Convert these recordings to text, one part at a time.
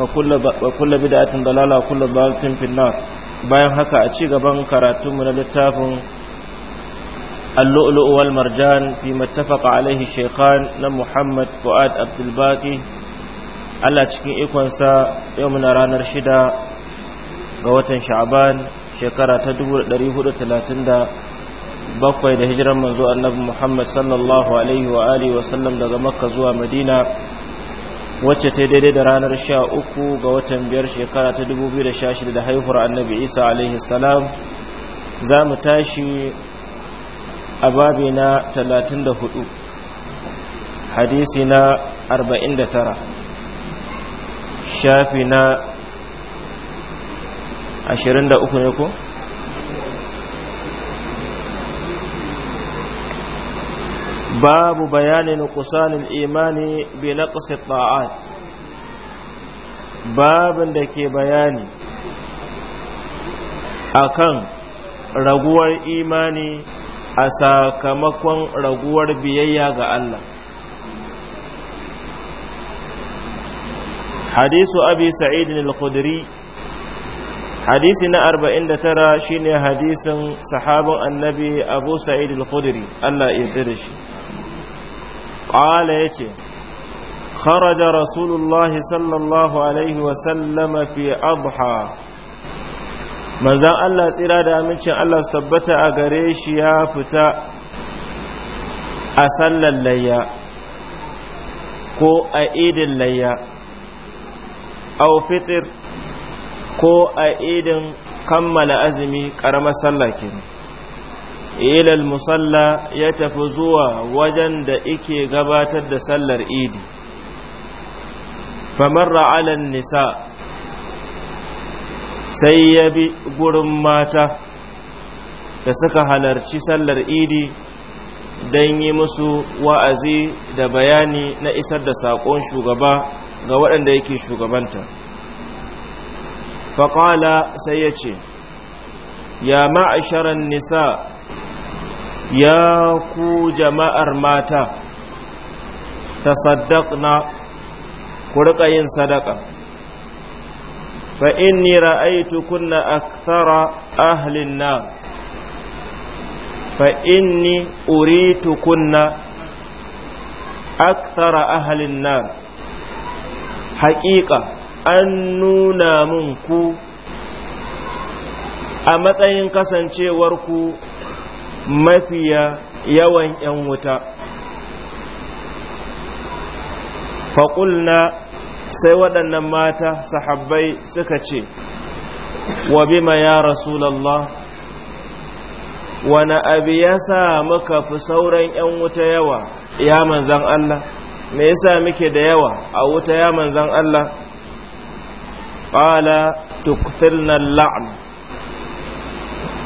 wa وكل بدعة ضلالة وكل ضلالة في النار bayan haka a ci gaban karatunmu na littafin اللؤلؤ والمرجان فيما اتفق عليه na muhammad فؤاد abdul الباقي Allah cikin ikonsa yau muna ranar shida ga watan sha'aban shekara ta 437 da hijiran manzo annabi Muhammad sallallahu alaihi wa alihi wa sallam daga makka zuwa madina wacce ta daidai da ranar sha uku ga watan biyar shekara ta dubu biyu da sha shida da haihuwar annabi isa alaihi salam za mu tashi a babi na talatin da hudu hadisi na arba'in da tara shafi na ashirin da uku ne ko? باب بيان نقصان الإيمان بنقص الطاعات باب دكي بيان أكن رغوار إيماني أساكمكن رغوار بيايا الله حديث أبي سعيد الخدري حديث أربعين ترى شين حديث صحاب النبي أبو سعيد الخدري الله يدرش ƙala ya ce kharaja rasulullahi sallallahu alaihi wasallama fi abha manzan Allah tsira da amincin Allah su tabbata a gare shi ya fita a sallan layya ko a idin layya au ko a idin kammala azumi ƙaramar sallah ilal musalla ya tafi zuwa wajen da ike gabatar da sallar idi famarra alan nisa sai ya bi gurin mata da suka halarci sallar idi don yi musu wa'azi da bayani na isar da saƙon shugaba ga waɗanda yake shugabanta faƙala sai ya ce ya ma'asharar nisa ya ku jama'ar mata ta saddaqna ku riƙa yin sadaka fa inni ra'aitu kunna akthara ahlin na fa inni uritu kunna akthara ahlin nar haƙiƙa an nuna mun ku a matsayin kasancewar ku. mafiya yawan 'yan wuta faƙulna sai waɗannan mata sahabbai suka ce wa bima ya rasulallah wani abu ya sa muka fi sauran 'yan wuta yawa ya manzan Allah me yasa muke da yawa a wuta ya manzan Allah ƙala tukfilna la'an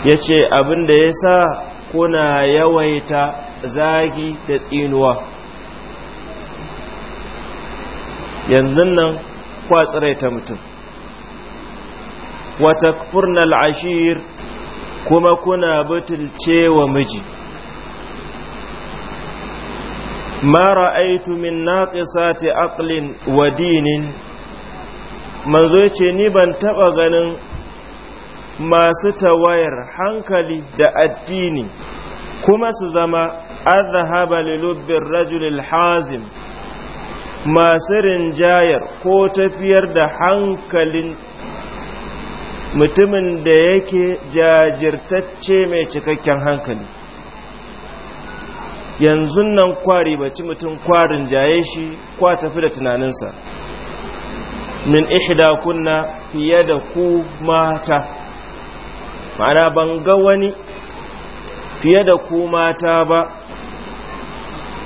ya ce abin da ya sa kuna yawaita zagi da tsinuwa yanzu nan kwa tsiraita mutum wata kurnal ashir kuma kuna butulce wa miji Mara aitu min naqisati aqlin wa dinin manzo ce ni ban taɓa ganin masu tawayar hankali da addini kuma su zama azhaba lilubbin rajulil hazim masu rinjayar ko tafiyar da hankalin mutumin da yake jajirtacce mai cikakken hankali yanzu nan kwari baci mutum kwarin jaye shi kwa tafi da tunaninsa min ihda kunna fiye da ku mata ma'ana ban ga wani fiye da ku mata ba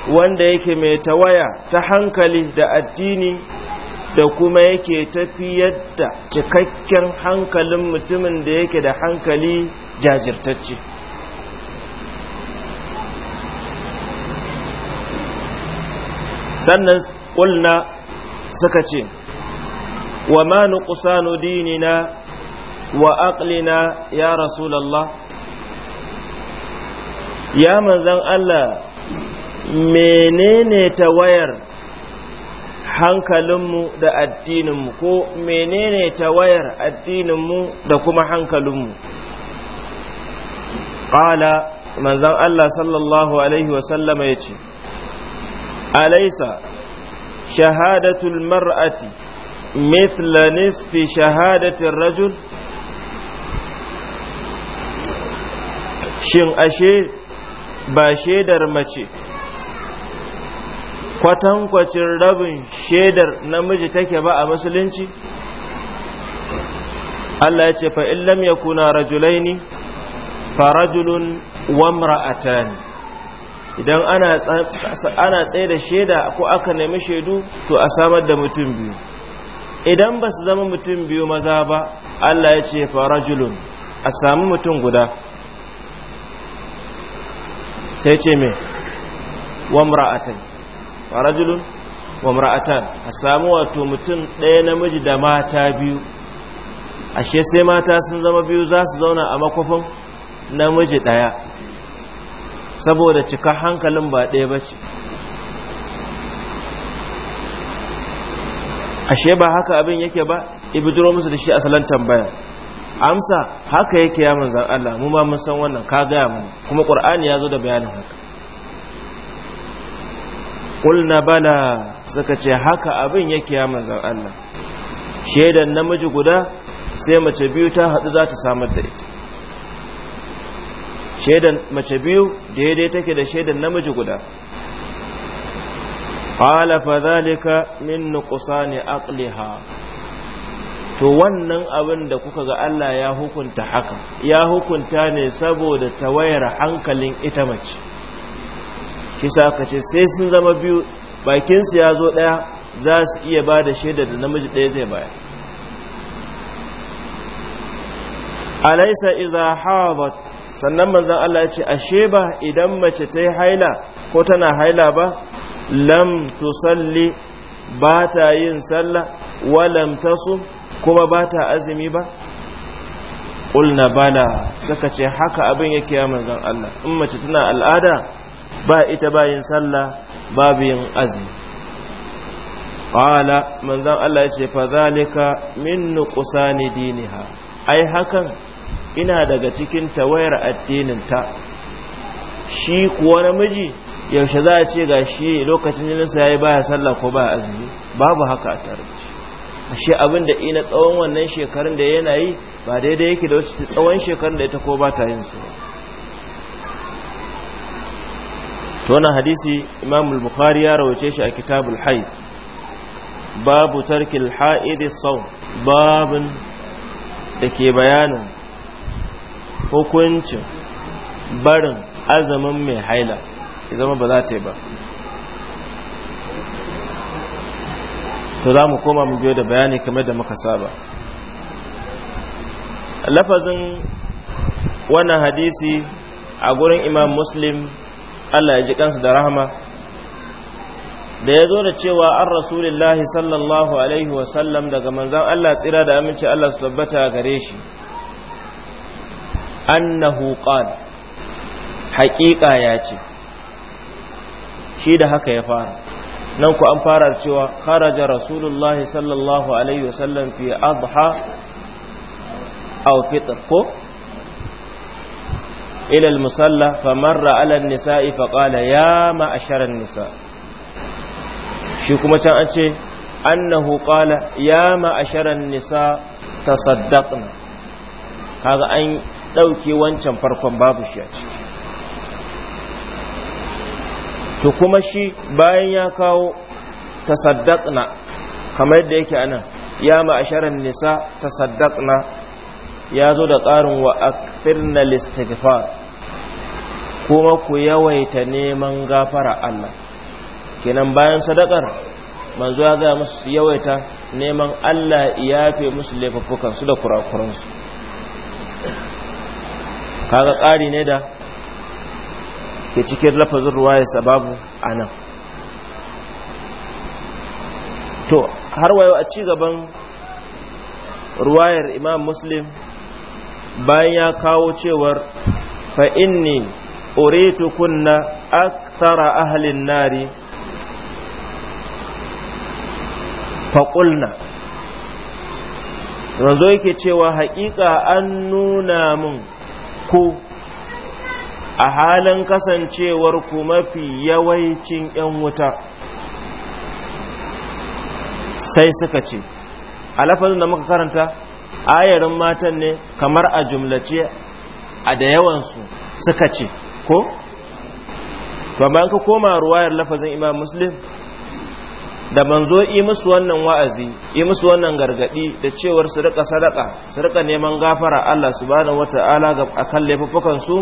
wanda yake mai tawaya ta hankali da addini da kuma yake tafiyar da cikakken hankalin mutumin da yake da hankali jajirtacce sannan ƙulna suka ce wa ma nuƙusa dinina Wa aqlina ya الله Ya من Allah menene ta wayar hankalinmu da addininmu ko menene tawayar addininmu da kuma hankalinmu ƙala manzan Allah sallallahu Alaihi wasallama ya ce alaisa shahadatul mar'ati mithla nisfi shahadatin rajul shin ashe ba shaidar mace kwatankwacin rabin shaidar namiji take ba a musulunci Allah ya ce fa in lam yakuna rajulaini fa rajulun wa imra'atan idan ana ana tsaye da shaida ko aka nemi shaidu to a samar da mutum biyu idan ba su zama mutum biyu maza ba Allah ya ce fa rajulun a sami mutum guda sai ce mai wamra'atan a wamra'atan a samu wato mutum ɗaya namiji da mata biyu ashe sai mata sun zama biyu za su zauna a makwafin namiji ɗaya saboda cika hankalin ba ɗaya ba ce ashe ba haka abin yake ba ibi duro musu da shi a salon tambaya amsa haka yake ya manzan Allah mu ma mun san wannan ka gaya mana kuma qur'ani ya zo da bayanin haka qulna bala suka ce haka abin yake ya manzan Allah shedan namiji guda sai mace biyu ta hadu za ta samar da ita shedan mace biyu daidai take da shedan namiji guda qala fa dhalika min nuqsani aqliha to wannan abin da kuka ga Allah ya hukunta haka ya hukunta ne saboda tawayar hankalin ita mace kisa ka ce sai sun zama biyu bakinsu ya zo ɗaya za su iya ba da shaida da namiji ɗaya zai baya alaisa iza habat sannan manzan Allah ya ce ashe ba idan mace ta yi haila ko tana haila ba lam tusalli ba ta yin sallah walam tasu kuma ba ta azumi ba ƙulna bala suka ce haka abin yake ya manzan Allah in mace tana al'ada ba ita bayin sallah babu yin azumi ƙwala manzan Allah ya ce fazalika min nukusa ne diniha ai hakan ina daga cikin tawayar addininta shi kuwa namiji yaushe za a ce ga shi lokacin jininsa ya yi baya sallah ko ba azumi babu haka a tare ashe abin da ina tsawon wannan shekarun da yana yi ba daidai yake da wasu tsawon shekarun da ita ko ba ta yin su to wannan hadisi imam bukhari ya rawace shi a kitabul haid babu tarkil haid sawm babun da ke bayanin hukuncin barin azamin mai haila zama ba za ta yi ba to za mu koma mu biyo da bayani kamar da muka saba lafazin wannan hadisi a gurin imam muslim allah ya ji kansa da rahama da ya zo da cewa an rasulillahi sallallahu alaihi wasallam daga manzan allah tsira da aminci allah su tabbata gare shi annahu qala haƙiƙa ya ce shi da haka ya fara nan ku an fara cewa kharaja rasulullahi sallallahu alaihi wasallam fi adha aw fitr ko ila al-musalla famarra ala an-nisa'i faqala ya ma'ashara an-nisa shi kuma can an ce annahu qala ya ma'ashara an-nisa tasaddaqna kaga an dauke wancan farkon babu shi a ciki to kuma shi bayan ya kawo tasaddaqna kamar yadda yake anan ya ma'asharan nisa tasaddaqna ya zo da ƙarin wa akfirna listighfar kuma ku yawaita neman gafara Allah kenan bayan sadakar manzo ya ga musu yawaita neman Allah ya yafe musu laifuffukan su da kurakuransu kaga ƙari ne da ke cikin lafazin ya sababu a nan to har wayo a ci gaban ruwayar imam muslim bayan ya kawo cewar fa inni uritu kunna akthara ahalin nari faƙulna yanzu yake cewa haƙiƙa an nuna mun ku a halin kasancewar ku mafi yawancin 'yan wuta sai suka ce a lafazin da muka karanta ayarin matan ne kamar a jumlace a da yawansu suka ce ko? ba ka koma ruwayar lafazin imam muslim da manzo yi musu wannan wa'azi yi musu wannan gargadi da cewar su rika sadaka su rika neman gafara Allah subhanahu wata'ala ga akan laifukan su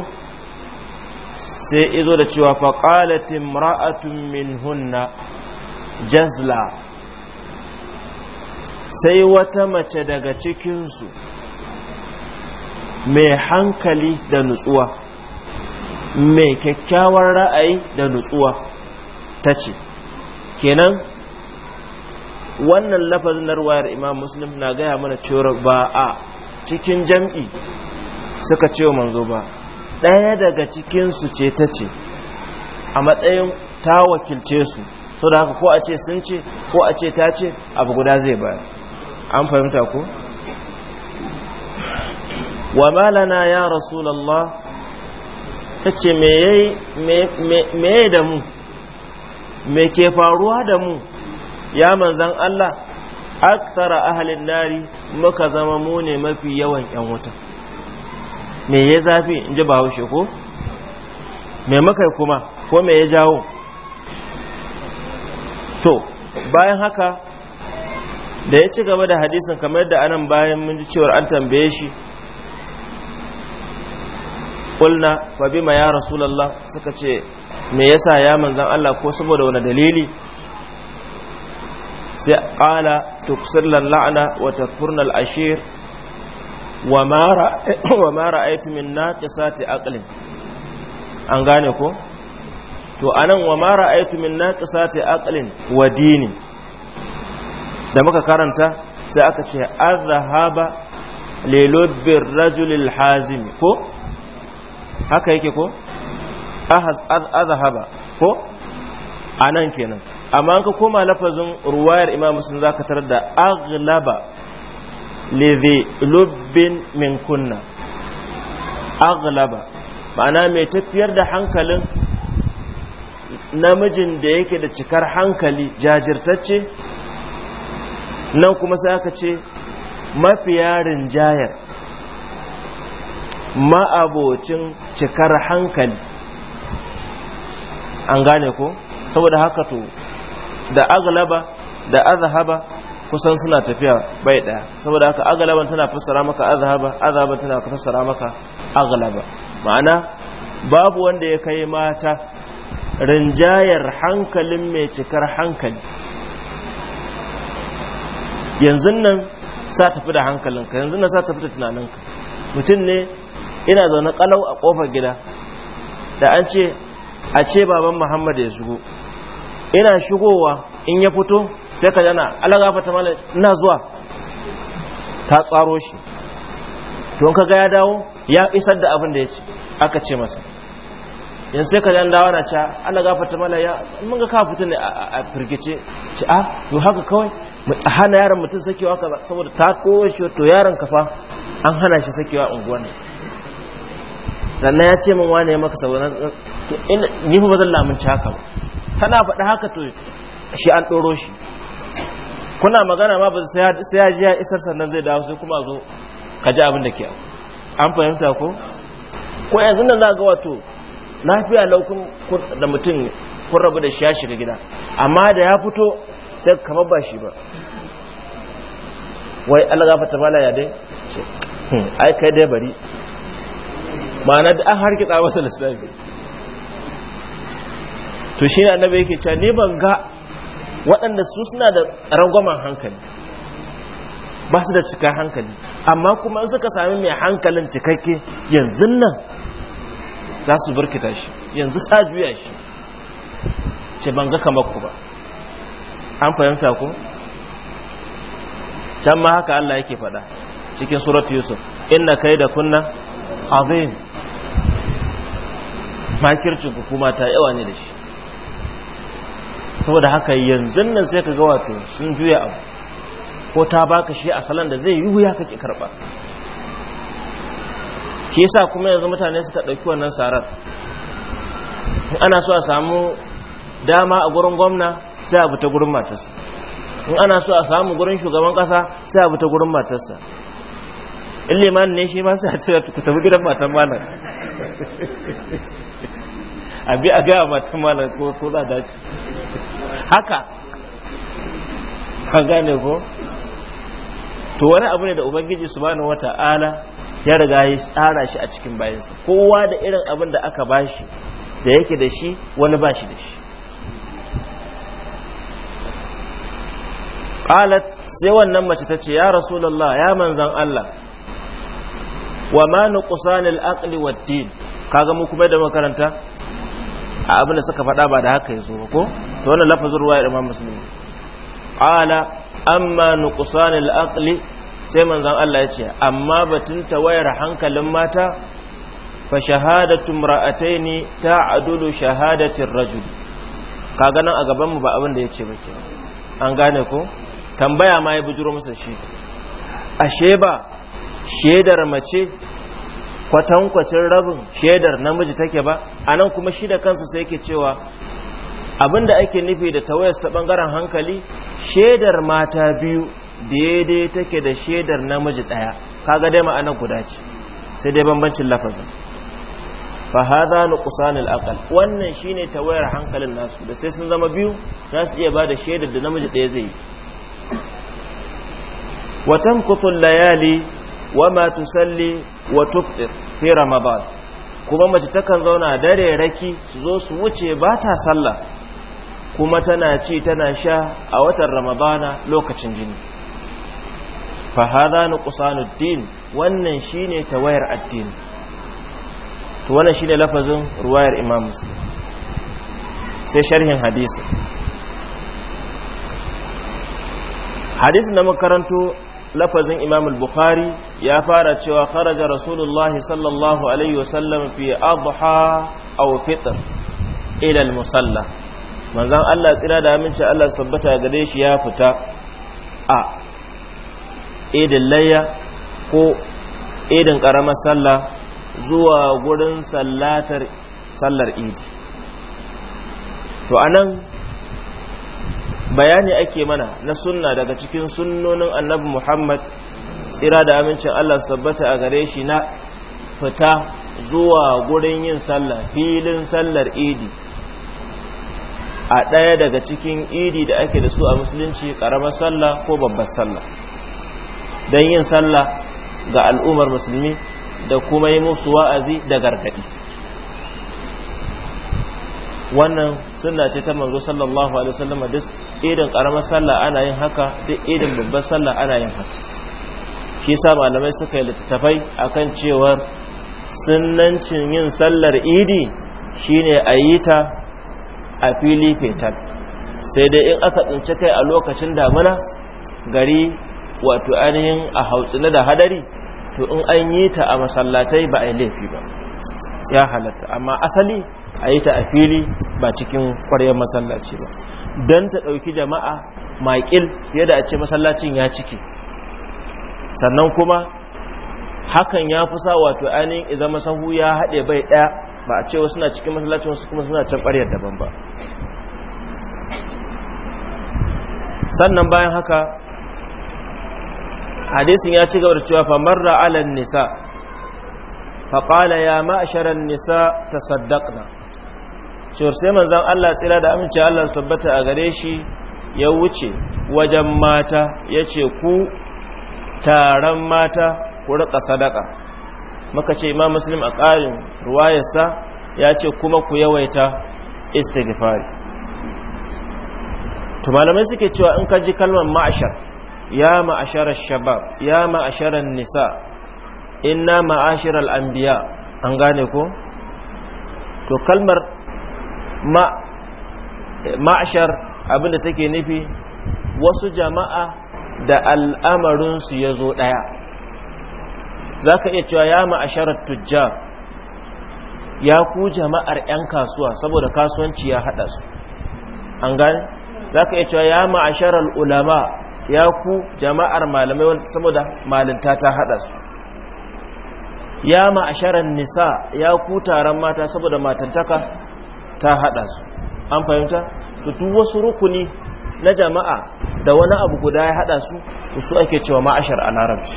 sai izo da cewa faƙalatin ra'atun min hunna jazla sai wata mace daga cikinsu mai hankali da nutsuwa mai kyakkyawar ra'ayi da nutsuwa ta ce kenan wannan lafazin narwayar imam muslim na gaya mana cewar ba a cikin jam'i suka ce wa manzo ba ɗaya daga cikinsu ce ta ce a matsayin ta wakilce su so da haka ko a ce sun ce ko a ce ta ce abu guda zai bayar an fahimta ko wa malana ya rasulallah ta ce me da mu me ke faruwa da mu ya manzan Allah aksara ahalin nari muka zama mu ne mafi yawan 'yan wuta me ya zafi in ji bahaushe ko me makai kuma ko me ya jawo to bayan haka da ya ci gaba da hadisin kamar yadda anan bayan mun ji cewar an tambaye shi kulna fa bima ya rasulullah suka ce me yasa ya manzan Allah ko saboda wani dalili sai qala tuksir la'ana wa takfurna ashir wa ma ra'aytu min naqisati aqlin an gane ko to anan wa ma ra'aytu min naqisati aqlin wa dini da muka karanta sai aka ce azhaba lilubbir rajulil hazim ko haka yake ko azhaba ko anan kenan amma an ka koma lafazin ruwayar imam sun zakatar da aghlaba lizi lubbin min kunna aglaba ma'ana mai tafiyar da hankalin namijin da yake da cikar hankali jajirtacce nan kuma sai aka ce mafiya rinjayar ma'abocin cikar hankali an gane ko saboda haka to da aglaba da azhaba kusan suna tafiya bai daya saboda haka agalaban tana fassara maka azhaba azhaban tana fassara maka agalaba ma'ana babu wanda ya kai mata rinjayar hankalin mai cikar hankali yanzu nan sa tafi da hankalinka yanzu nan sa tafi da tunaninka mutum ne ina zaune kalau a kofar gida da an ce a ce baban muhammad ya shigo ina shigowa in ya fito sai ka jana alagafa ta mana ina zuwa ta tsaro shi don ka ga ya dawo ya isar da abin da ya ce aka ce masa in sai ka jana dawa na ca Allah gafarta mana ya mun ga ka fita ne a firgice ci a ah, to haka kawai a hana yaron mutum sakewa ka saboda ta kowa shi to yaron ka fa an hana shi sakewa unguwa ne sannan ya ce min wane ya maka saboda ni fa ba zan lamunci haka ba tana faɗa haka to shi an ɗoro shi kuna magana ma ba sai ya ji ya isar sannan zai dawo sai kuma zo ka ji abin da ke an fahimta ko ko yanzu nan za ga wato lafiya laukun da mutum kun rabu da shi ya shiga gida amma da ya fito sai kamar ba shi ba wai algafata Bala ya dai hmm, ai kai dai bari ma'ana da an harkita masa lissafi to shi ne annabi yake cewa ni ban ga waɗanda su suna da rangwamen hankali ba su da cika hankali amma kuma in suka sami mai hankalin cikakke yanzu nan za su birkita shi yanzu sa juya shi ce ban ga kamar ku ba an fahimta ku can ma haka Allah yake faɗa cikin suratu yusuf inna kai da kunna azim makircin ku ta yawa ne da shi saboda haka yanzu nan sai ka ga wato sun juya abu ko ta baka shi a salon da zai yi wuya kake karba Ke sa kuma yanzu mutane suka ɗauki wannan sarar in ana so a samu dama a gurin gwamna sai a ta gurin matarsa in ana so a samu gurin shugaban ƙasa sai a ta gurin matarsa in limanin ne shi ma sai a ce ku tafi gidan matan malam a bi a gaya matan malar ko so za dace haka an gane ko to wani abu ne da ubangiji subhanahu wata'ala ya riga ya tsara shi a cikin bayansa kowa da irin abin da aka bashi da yake da shi wani bashi da shi qalat sai wannan mace ta ce ya rasulullah ya manzan Allah wa ma nuqsanil aqli wad din kaga mu kuma da makaranta a abin da suka faɗa ba da haka ya zo ba ko to wannan lafazin ruwa ya imam muslim Ala amma nuqsan al-aqli sai manzon Allah ya ce amma batun ta wayar hankalin mata fa shahadatu imra'ataini ta'dulu shahadati ar-rajul kaga nan a gaban mu ba abin da yace ba ke an gane ko tambaya ma ya bujuro masa shi ashe ba shedar mace kwatankwacin rabin shaidar namiji take ba a nan kuma shi da kansa sai ke cewa abinda ake nufi da tawayas ta bangaren hankali shaidar mata biyu daidai take da shaidar namiji ɗaya kaga dai ma'anar guda ce sai dai bambancin lafazin fa hadha nuqsan al wannan shine tawayar hankalin nasu da sai sun zama biyu za su iya bada shaidar da namiji ɗaya zai yi wa tanqutu layali wama tusalli wa tuftir fi ramadan kuma mace takan zauna dare raki su zo su wuce ba ta sallah kuma tana ci tana sha a watan ramadana lokacin jini fa hadha nuqsanuddin wannan shine tawayar addini to wannan shine lafazin ruwayar imam muslim sai sharhin hadisi hadisin da muka karanto lafazin imam bukhari ya fara cewa kharaja rasulullahi sallallahu alaihi wasallam fi adha aw fitr ila al-musalla manzon Allah tsira da aminci Allah sabbata gare shi ya fita a idin layya ko idin karamar sallah zuwa gurin sallatar sallar idi to anan bayani ake mana na sunna daga cikin sunnonin annabi muhammad tsira da amincin allah su tabbata a gare shi na fita zuwa gurin yin sallah filin sallar idi a ɗaya daga cikin idi da ake da su a musulunci ƙaramar sallah ko babbar sallah don yin sallah ga al'ummar musulmi da kuma yi musu wa'azi da gargaɗi wannan sunna ce ta manzo sallallahu alaihi wasallam duk irin karamar sallah ana yin haka duk irin babbar sallah ana yin haka shi yasa malamai suka yi littattafai akan cewar sunnancin yin sallar idi shine a yi ta a fili fetal sai dai in aka tsinci kai a lokacin damuna gari wato ainihin a hautsina da hadari to in an yi ta a masallatai ba a yi laifi ba ya halatta amma asali a yi ta a fili ba cikin ƙwaryar masallaci ba don ta ɗauki jama'a maƙil fiye da a ce masallacin ya ciki sannan kuma hakan ya fi sa wato ainihin idan masahu ya haɗe bai ɗaya ba a ce suna cikin masallacin wasu kuma suna can ƙwaryar daban ba sannan bayan haka hadisin ya ci gaba da cewa famar ra'alan nisa faƙala ya ma'asharar nisa ta saddaƙna cewar sai manzan Allah tsira da amince Allah su tabbata a gare shi ya wuce wajen mata ya ce ku taron mata ku riƙa sadaka muka ce ma muslim a ƙarin ruwayarsa ya ce kuma ku yawaita istighfari to malamai suke cewa in ka ji kalmar ma'ashar ya ma'asharar shabab ya ma'asharar nisa inna ma'ashir al’ambiya an gane ko to kalmar ma'ashar abinda take nufi wasu jama'a da al'amarinsu ya zo ɗaya za ka iya cewa ya ma'asharar tujjar ya ku jama'ar 'yan kasuwa saboda kasuwanci ya haɗa su an gane za ka iya cewa ya ma'asharar ulama ya ku jama'ar malamai saboda malinta ta haɗa su ya ma'asharan nisa ya ku taron mata saboda matantaka ta haɗa su an fahimta tutu wasu rukuni na jama'a da wani abu guda ya haɗa su su ake cewa ma'ashar a larabci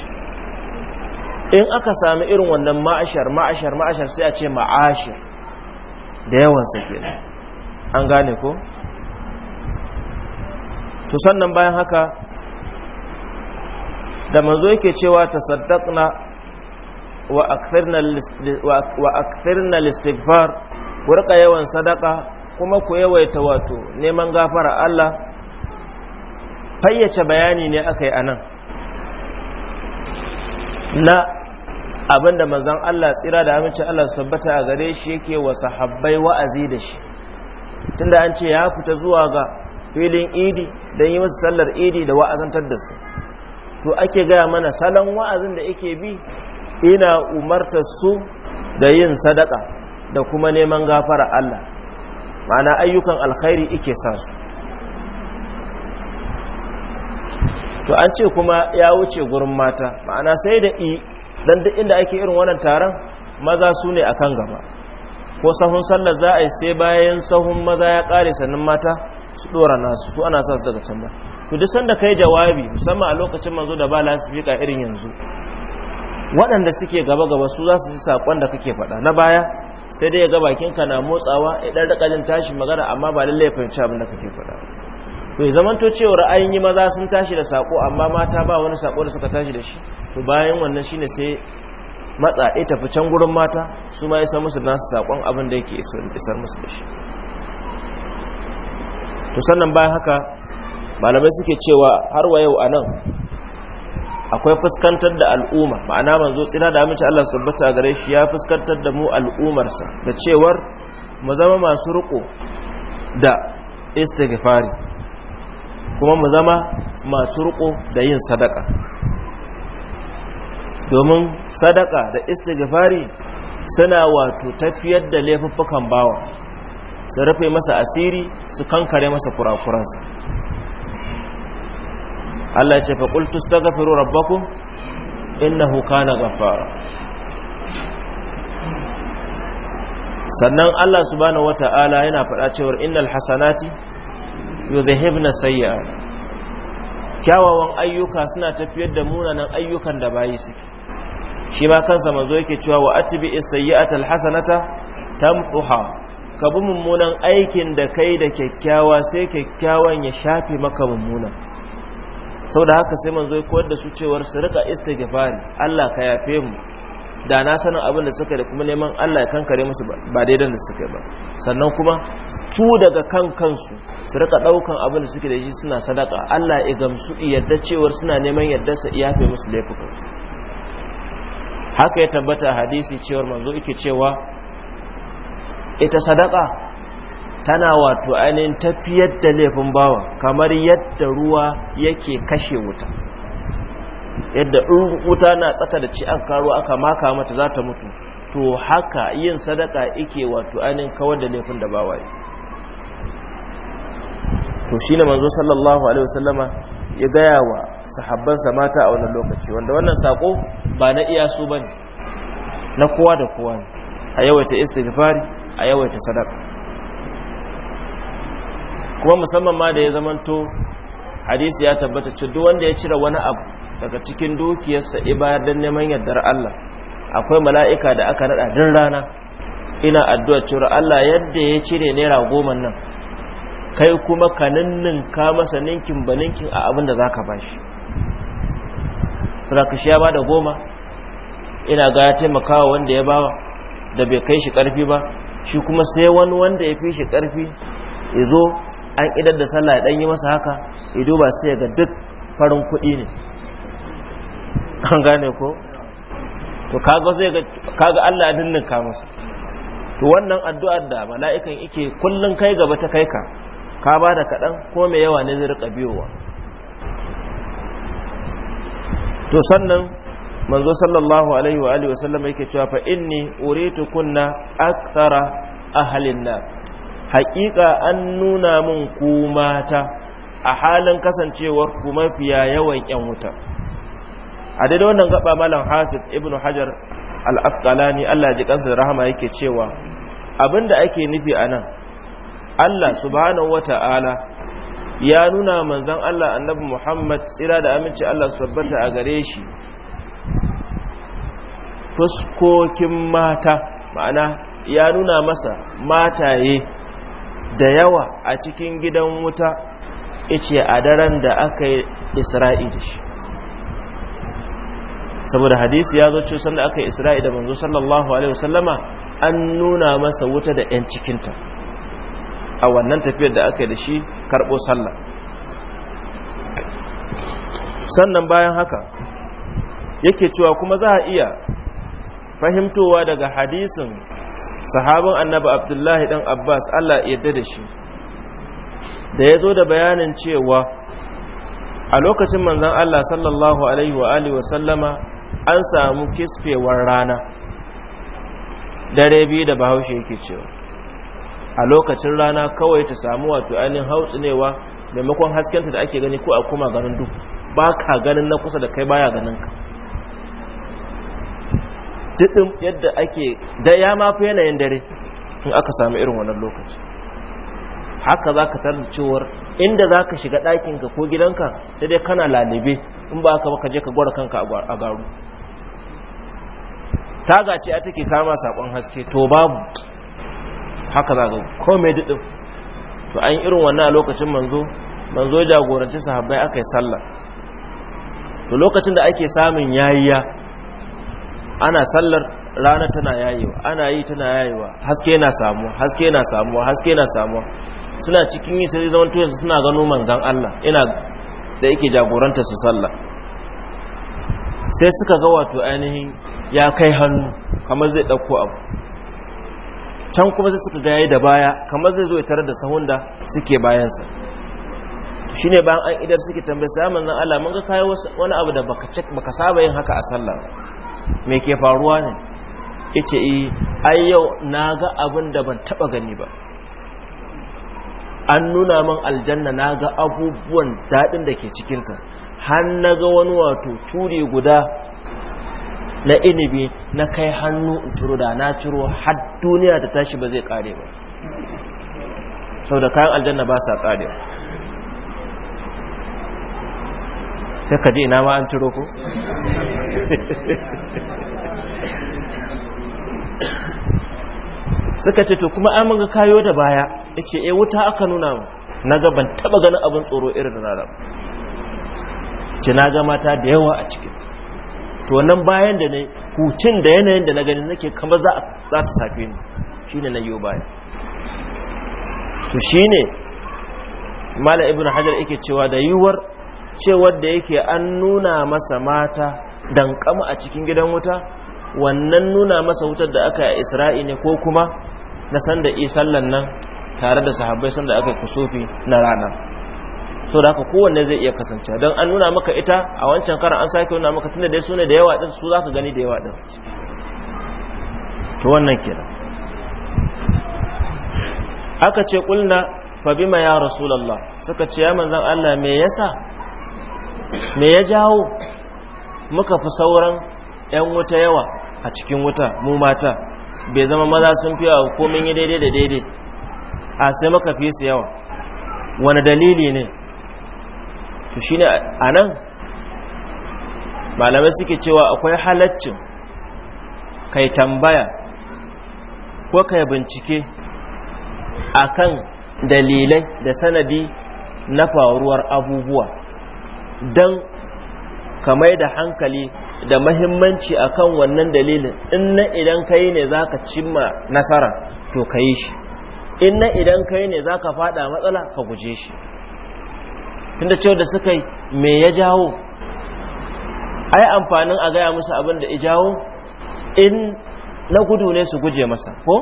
in aka sami irin wannan ma'ashar ma'ashar ma'ashar sai a ce ma'ashir da yawan sake an gane ko to sannan bayan haka da manzo yake cewa ta tasaddaqna wa akthirna listighfar ku rika yawan sadaka kuma ku yawaita wato neman gafara Allah fayyace bayani ne aka yi nan. na abinda mazan Allah tsira da amince Allah sabbata a gare shi yake wa sahabbai wa'azi da shi tunda an ce ya fita zuwa ga filin idi don yi musu sallar idi da wa'azantar da su to ake gaya mana salon wa'azin da yake bi ina umartar su da yin sadaka da kuma neman gafara Allah ma'ana ayyukan alkhairi ike sa su to an ce kuma ya wuce gurin mata ma'ana sai da i dan duk inda ake irin wannan taron maza su ne akan gaba ko sahun sallar za a yi sai bayan sahun maza ya kare sannan mata su dora nasu su ana sa su daga can ba to duk sanda kai jawabi musamman a lokacin manzo da ba lasifika irin yanzu waɗanda suke gaba gaba su za su ji saƙon da kake faɗa na baya sai dai ya ga ka na motsawa ya dan rika jin tashi magana amma ba lalle ya fahimci abin da kake faɗa to ya zamanto cewa ra'ayin yi maza sun tashi da saƙo amma mata ba wani saƙo da suka tashi da shi to bayan wannan shine sai matsa ɗaya tafi can gurin mata su ma isa musu nasu saƙon abin da yake isar musu da shi to sannan bayan haka malamai suke cewa har wa yau a nan akwai fuskantar da al'umma ma'ana manzo tsira da amince Allah wa gare shi ya fuskantar da mu al'umarsa da cewar mu zama masu riko da istighfari kuma mu zama masu riko da yin sadaka domin sadaka da istighfari suna wato tafiyar da laifuffukan bawa su rufe masa asiri su kankare masa kurakuransa Allah ya ce fa qultu astaghfiru rabbakum innahu kana ghaffara sannan Allah subhanahu wata'ala yana faɗa cewa innal hasanati yudhhibna sayyi'at kyawawan ayyuka suna tafiyar da munanan ayyukan da bayi suke shi ma kansa manzo yake cewa wa atbi'is sayyi'ata alhasanata tamquha ka bi mummunan aikin da kai da kyakkyawa sai kyakkyawan ya shafe maka mummunan sau da haka sai manzo ya koyar da su cewar su rika istighfari Allah ka yafe mu da na sanin abin da suka da kuma neman Allah ya kankare musu ba daidan da suka ba sannan kuma su daga kan kansu su rika daukan abin da suke da shi suna sadaka Allah ya gamsu yadda cewar suna neman yadda sa yafe musu laifuka. haka ya tabbata hadisi cewar manzo yake cewa ita sadaka kana wato ainihin tafiyar da laifin bawa kamar yadda ruwa yake kashe wuta yadda wuta na tsaka da ci an karo aka maka mata za ta mutu to haka yin sadaka ike wato ainihin kawar da laifin da bawa yi to shi ne manzo sallallahu alaihi wasallama ya gaya wa sahabbansa mata a wannan lokaci wanda wannan sako ba na iyasu ba ne na kowa da kowa ne a yawaita istighfari a yawaita sadaka kuma musamman ma da ya zamanto hadisi ya tabbata ce duk wanda ya cire wani abu daga cikin dukiyarsa ibayar don neman yardar Allah akwai mala'ika da aka rada din rana ina addu'a cewa Allah yadda ya cire naira goma nan kai kuma ka masa ninkin ba ninkin a abin da zaka bashi sura ya da goma ina ga ya taimaka wanda ya bawa da bai kai shi karfi ba shi kuma sai wani wanda ya fi shi karfi ya zo an idar da sallah ya dan yi masa haka ido duba sai ga duk farin kuɗi ne an gane ko to kaga sai ga kaga Allah ya dinninka masa to wannan addu'ar da mala'ikan yake kullun kai gaba ta kai ka ka ba da kaɗan ko mai yawa ne zai rika biyowa to sannan manzo sallallahu alaihi wa alihi sallam yake cewa fa inni uritu kunna akthara ahlin nar haƙiƙa an nuna min ku mata a halin kasancewar ku mafiya yawan ƴan wuta a daidai wannan gaba malam hafiz ibnu hajar al-asqalani Allah ji kansa rahama yake cewa abinda ake nufi anan Allah subhanahu wata'ala ya nuna manzon Allah annabi Muhammad tsira da aminci Allah su tabbata a gare shi fuskokin mata ma'ana ya nuna masa mataye da yawa a cikin gidan wuta ice a daren da aka yi isra'i da shi saboda hadisi ya zo cewa sanda aka yi isra'i da manzo sallallahu alaihi wasallama an nuna masa wuta da 'yan cikinta a wannan tafiyar da aka yi da shi karbo sallah sannan bayan haka yake cewa kuma za a iya fahimtowa daga hadisin sahabin annabi abdullahi dan abbas allah yadda da shi da ya zo da bayanin cewa a lokacin manzan allah sallallahu alaihi wa alihi wa sallama an samu kisfewar rana dare biyu da bahaushe yake cewa a lokacin rana kawai ta samu wato ainihin hautsinewa maimakon haskenta da ake gani ko a kuma ganin duk ba ka ganin na kusa da kai baya ganin ka didim yadda ake da ya ma fi yanayin dare in aka samu irin wannan lokaci haka za ka tarda cewar inda za ka shiga ɗakinka ko gidanka sai dai kana lalibe in ba ka ka je ka gwada kanka a garu ta gace a take kama sakon haske to babu haka za ko komai didim to an irin wannan a lokacin manzo manzo jagoranci sahabbai aka yi sallah to lokacin da ake samun yayiya ana sallar rana tana yayewa ana yi tana yayewa haske na samuwa haske na samuwa haske na samuwa suna cikin yi sai zaman tuyansu suna gano manzan Allah ina da yake jagoranta su sallah sai suka ga wato ainihin ya kai hannu kamar zai ɗauko abu can kuma sai suka ga da baya kamar zai zo ya tarar da sahun da suke bayansa shi ne bayan an idar suke tambaye sai manzan Allah mun ga kayan wani abu da baka saba yin haka a sallah me ke faruwa ne yace eh ai yau naga abin da ban taba gani ba an nuna min aljanna na ga abubuwan daɗin da ke cikin ta har naga wani wato ture guda na inibi na kai hannu in ciro da na ciro har duniya ta tashi ba zai kare ba sau da kayan aljanna ba sa kare sai ka ji ina ma an ciro ko suka ce to kuma an ga kayo da baya ya ce e wuta aka nuna mu na ga ban taba ganin abin tsoro irin da na ce na ga mata da yawa a cikin to wannan bayan da ne hutun da yanayin da na gani nake kama za ta safe ni shine na yiwo baya to shine mala ibn hajar yake cewa da yiwuwar ce wadda yake an nuna masa mata dankama a cikin gidan wuta wannan nuna masa wutar da aka yi a isra'i ne ko kuma na sanda isallan nan tare da sahabbai sanda aka kusufi na rana so da haka kowanne zai iya kasance don an nuna maka ita a wancan karan an sake nuna maka tunda dai su ne da yawa din su za ka gani da yawa din to wannan kenan aka ce kulna fa bima ya rasulullah suka ce ya manzon Allah me yasa me ya jawo muka fi sauran 'yan wuta yawa a cikin wuta mu mata bai zama maza sun fi yawa ko mun yi daidai da daidai a sai muka fi su yawa wani dalili ne to shine a nan malamai suke cewa akwai halaccin kai tambaya ko kai bincike akan dalilai da sanadi na faruwar abubuwa don ka mai da hankali da mahimmanci akan wannan dalilin in na idan kai ne za ka cimma nasara to ka yi shi in na idan kai ne za ka fada matsala ka guje shi tunda cewa da suka yi me ya jawo ai amfanin a gaya musu abin da ya jawo in na gudu ne su guje masa ko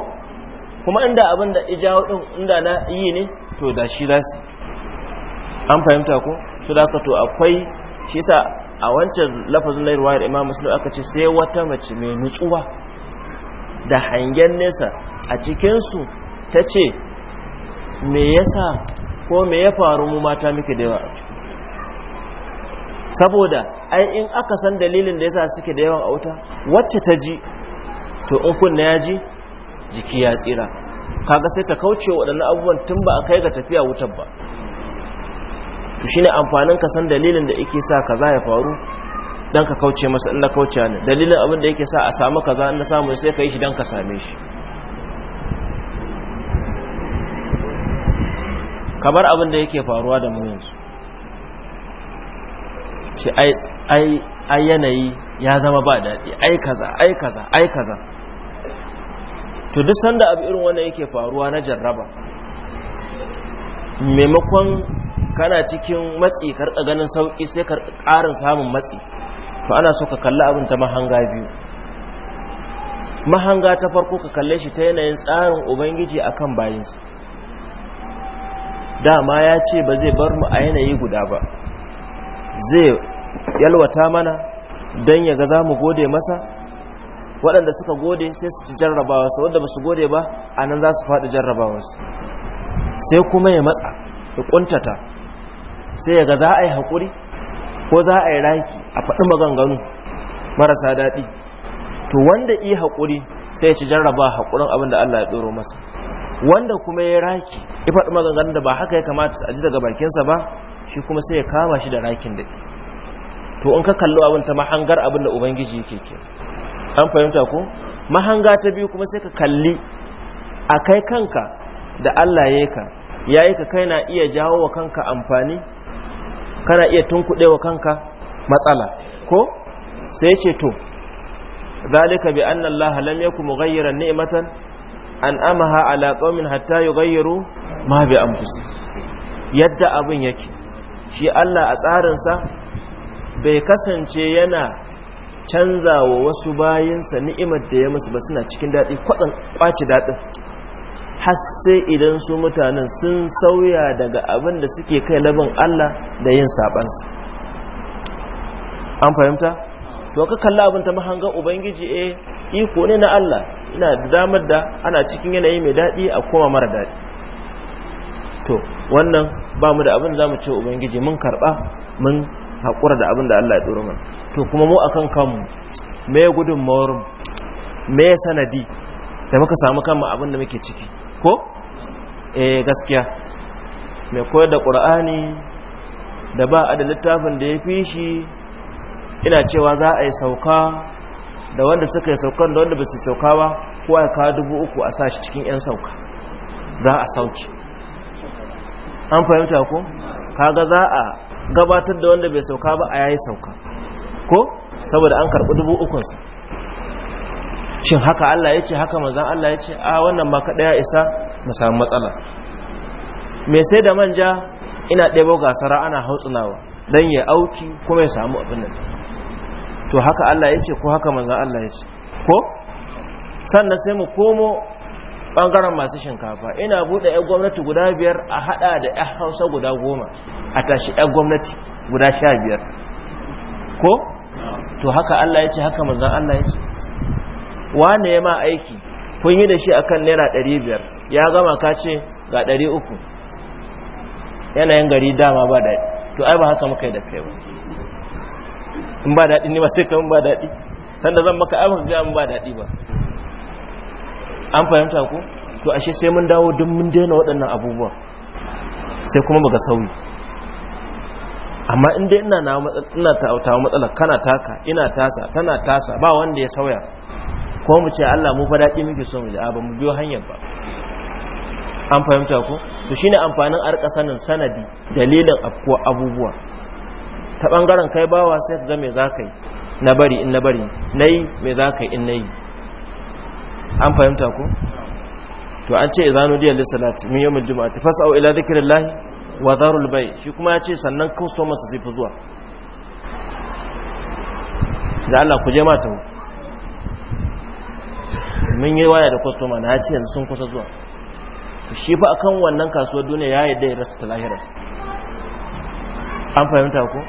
kuma inda abin da ya jawo din inda na yi ne to da shi za su an fahimta ko su da aka to akwai shi sa a wancan lafazin na da imam musulun aka ce sai wata mace mai nutsuwa da hangen nesa a cikinsu ta ce me yasa ko me ya faru mu mata muke da yawa saboda ai in aka san dalilin da yasa suke da yawan auta wacce ta ji to in kunna ya ji jiki ya tsira kaga sai ta kauce waɗannan abubuwan tun ba a kai ga tafiya wutar ba to shine amfanin ka san dalilin da yake sa kaza ya faru dan ka kauce masa in na kauce ne dalilin abin da yake sa a samu kaza in na samu sai ka yi shi dan ka same shi kamar abin da yake faruwa da mu yanzu ce ai ai yanayi ya zama ba daɗi ai kaza ai kaza ai kaza to duk sanda abu irin wannan yake faruwa na jarraba maimakon kana cikin matsi karɓa ganin sauƙi sai karɓa ƙarin samun matsi to ana so ka kalli abin ta mahanga biyu mahanga ta farko ka kalle shi ta yanayin tsarin ubangiji a kan bayinsa dama ya ce ba zai bar mu a yanayi guda ba zai yalwata mana don ya ga za mu gode masa waɗanda suka gode sai su ci jarrabawarsa wadda ba su gode ba a nan za su faɗi jarrabawarsa sai kuma ya matsa ya ƙuntata sai ga za a yi haƙuri ko za a yi raki a faɗi maganganu marasa daɗi to wanda yi haƙuri sai ya ci jarraba haƙurin abin da Allah ya ɗoro masa wanda kuma ya raki ya faɗi maganganun da ba haka ya kamata a ji daga bakinsa ba shi kuma sai ya kama shi da rakin da to in ka kallo abin ta mahangar abin da ubangiji yake ke an fahimta ko mahanga ta biyu kuma sai ka kalli a kai kanka da Allah ya yi ka ya yi ka kai na iya jawo wa kanka amfani kana iya tunkuɗewa kanka matsala ko sai ce to zalika bi anna Allah lam yakum mughayyiran ni'matan an'amaha ala qaumin hatta yughayyiru ma bi anfusih yadda abin yake shi Allah a tsarinsa bai kasance yana canzawa wasu bayinsa ni'imar da ya musu ba suna cikin daɗi kwaɗan ƙwaci daɗin har sai idan su mutanen sun sauya daga abin da suke kai labin Allah da yin sabansu an fahimta to ka kalla abin ta mahangar ubangiji eh iko ne na Allah ina da damar da ana cikin yanayi mai daɗi a koma mara daɗi to wannan ba mu da abin za mu ce ubangiji mun karɓa mun haƙura da abin da Allah ya ɗoro mana to kuma mu akan kanmu me gudunmawar me sanadi da muka samu kanmu abin da muke ciki ko eh gaskiya mai koyar da ƙur'ani da ba a da littafin da ya fi shi ina cewa za a yi sauka da wanda suka yi saukan da wanda ba su sauka ba ko a ka dubu uku a sashi cikin 'yan sauka za a sauki an fahimta ko kaga za a gabatar da wanda bai sauka ba a yayi sauka ko saboda an karɓi dubu ukunsa shin haka Allah ya ce haka manzan Allah ya ce a wannan ma kaɗaya ya isa na samu matsala mai sai da manja ina ɗebo gasara ana hautsinawa don ya auki kuma ya samu abin nan to haka Allah ya ce ko haka manzan Allah ya ce ko sannan sai mu komo ɓangaren masu shinkafa ina buɗe 'yan gwamnati guda biyar a haɗa da 'yan hausa guda goma a tashi 'yan gwamnati guda sha biyar ko to haka Allah ya ce haka manzan Allah ya ce wane ya ma aiki kun yi da shi a kan naira ɗari biyar ya gama ka ce ga ɗari uku yanayin gari dama ba daɗi to ai ba haka muka yi da kai ba in ba daɗi ne ba sai kan ba daɗi sanda zan maka ai ga in ba daɗi ba an fahimta ku to ashe sai mun dawo don mun daina waɗannan abubuwa sai kuma ga sauyi amma in dai ina na ina tawo matsala kana taka ina tasa tana tasa ba wanda ya sauya ko mu ce Allah mu fadaɗi muke so mu ji ba mu biyo hanyar ba an fahimta ko to shine amfanin arka sanin sanadi dalilin afko abubuwa ta bangaren kai bawa sai ka ga me zakai na bari in na bari nayi me zakai in nayi an fahimta ko to an ce izanu diya lisalati min yawmul jumu'ati fas'au ila dhikrillahi wa darul bay shi kuma ya ce sannan kun so masa sai fi zuwa da Allah ku je ma tawo mun yi waya da kwastoma na ce yanzu sun kusa zuwa shi fa akan wannan kasuwar duniya ya yi dai rasa ta lahiras an fahimta ko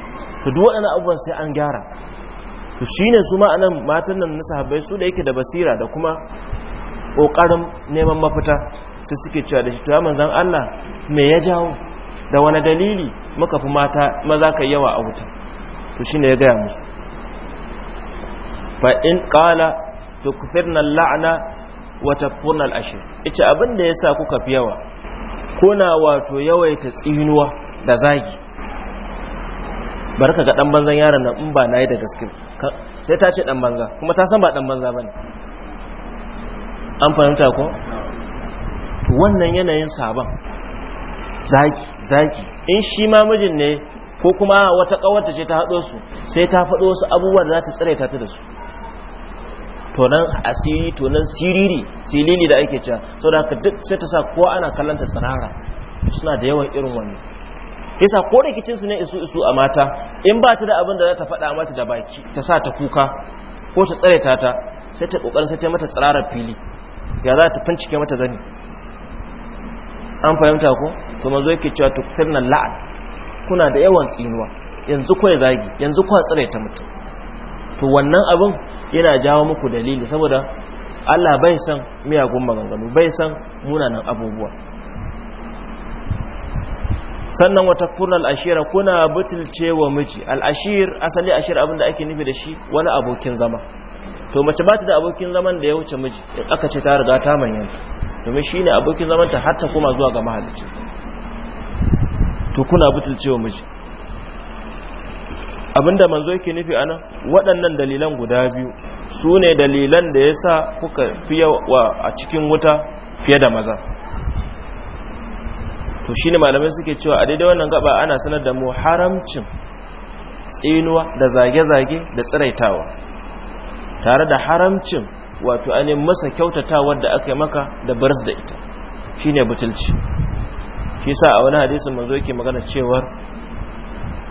to duk waɗannan abubuwan sai an gyara to shine su ma matan nan na sahabbai su da yake da basira da kuma ƙoƙarin neman mafita su suke cewa da shi to ya zan Allah me ya jawo da wani dalili muka fi mata maza kai yawa a wuta to shine ya gaya musu fa in tukfirna la'ana wa takfurna al-ashir yace abin da yasa kuka fi yawa kuna wato yawaita tsinuwa da zagi barka ga dan banzan yaron nan in ba nayi da gaske sai ta ce dan banza kuma ta san ba dan banza bane an fahimta ko wannan yanayin saban zagi zagi in shi ma mijin ne ko kuma wata kawarta ce ta hado su sai ta faɗo su abubuwan da za ta tsare ta da su tonan asiri tonan siriri silili da ake cewa sau da duk sai ta sa kowa ana ta sanara suna da yawan irin wani yasa ko rikicin su ne isu isu a mata in ba ta da abin da za ta faɗa mata da baki ta sa ta kuka ko ta tsare ta ta sai ta kokarin sai ta mata tsararar fili ya za ta fincike mata zani an fahimta ko to manzo yake cewa to tuktirna la'an kuna da yawan tsinuwa yanzu ko ya zagi yanzu ko tsare ta mutum to wannan abin yana jawo muku dalili saboda Allah bai san miyagun maganganu bai san munanan abubuwa sannan wata kunal ashira kuna butulce wa miji al'ashir asali ashir abin ake nufi da shi wani abokin zama to mace ba ta da abokin zaman da ya wuce miji in aka ce ta riga ta manyan domin shi ne abokin zamanta har ta kuma zuwa ga mahalicci to kuna butulce wa miji abinda manzo yake nufi anan waɗannan dalilan guda biyu su ne dalilan da ya sa kuka fiye wa a cikin wuta fiye da maza to shi ne malamai suke cewa a daidai wannan gaba ana sanar da mu haramcin tsinuwa da zage-zage da tsiraitawa tare da haramcin wato ainihin masa kyautatawar da aka yi maka da baras da ita shi ne butulci shi sa a wani hadisin manzo yake magana cewar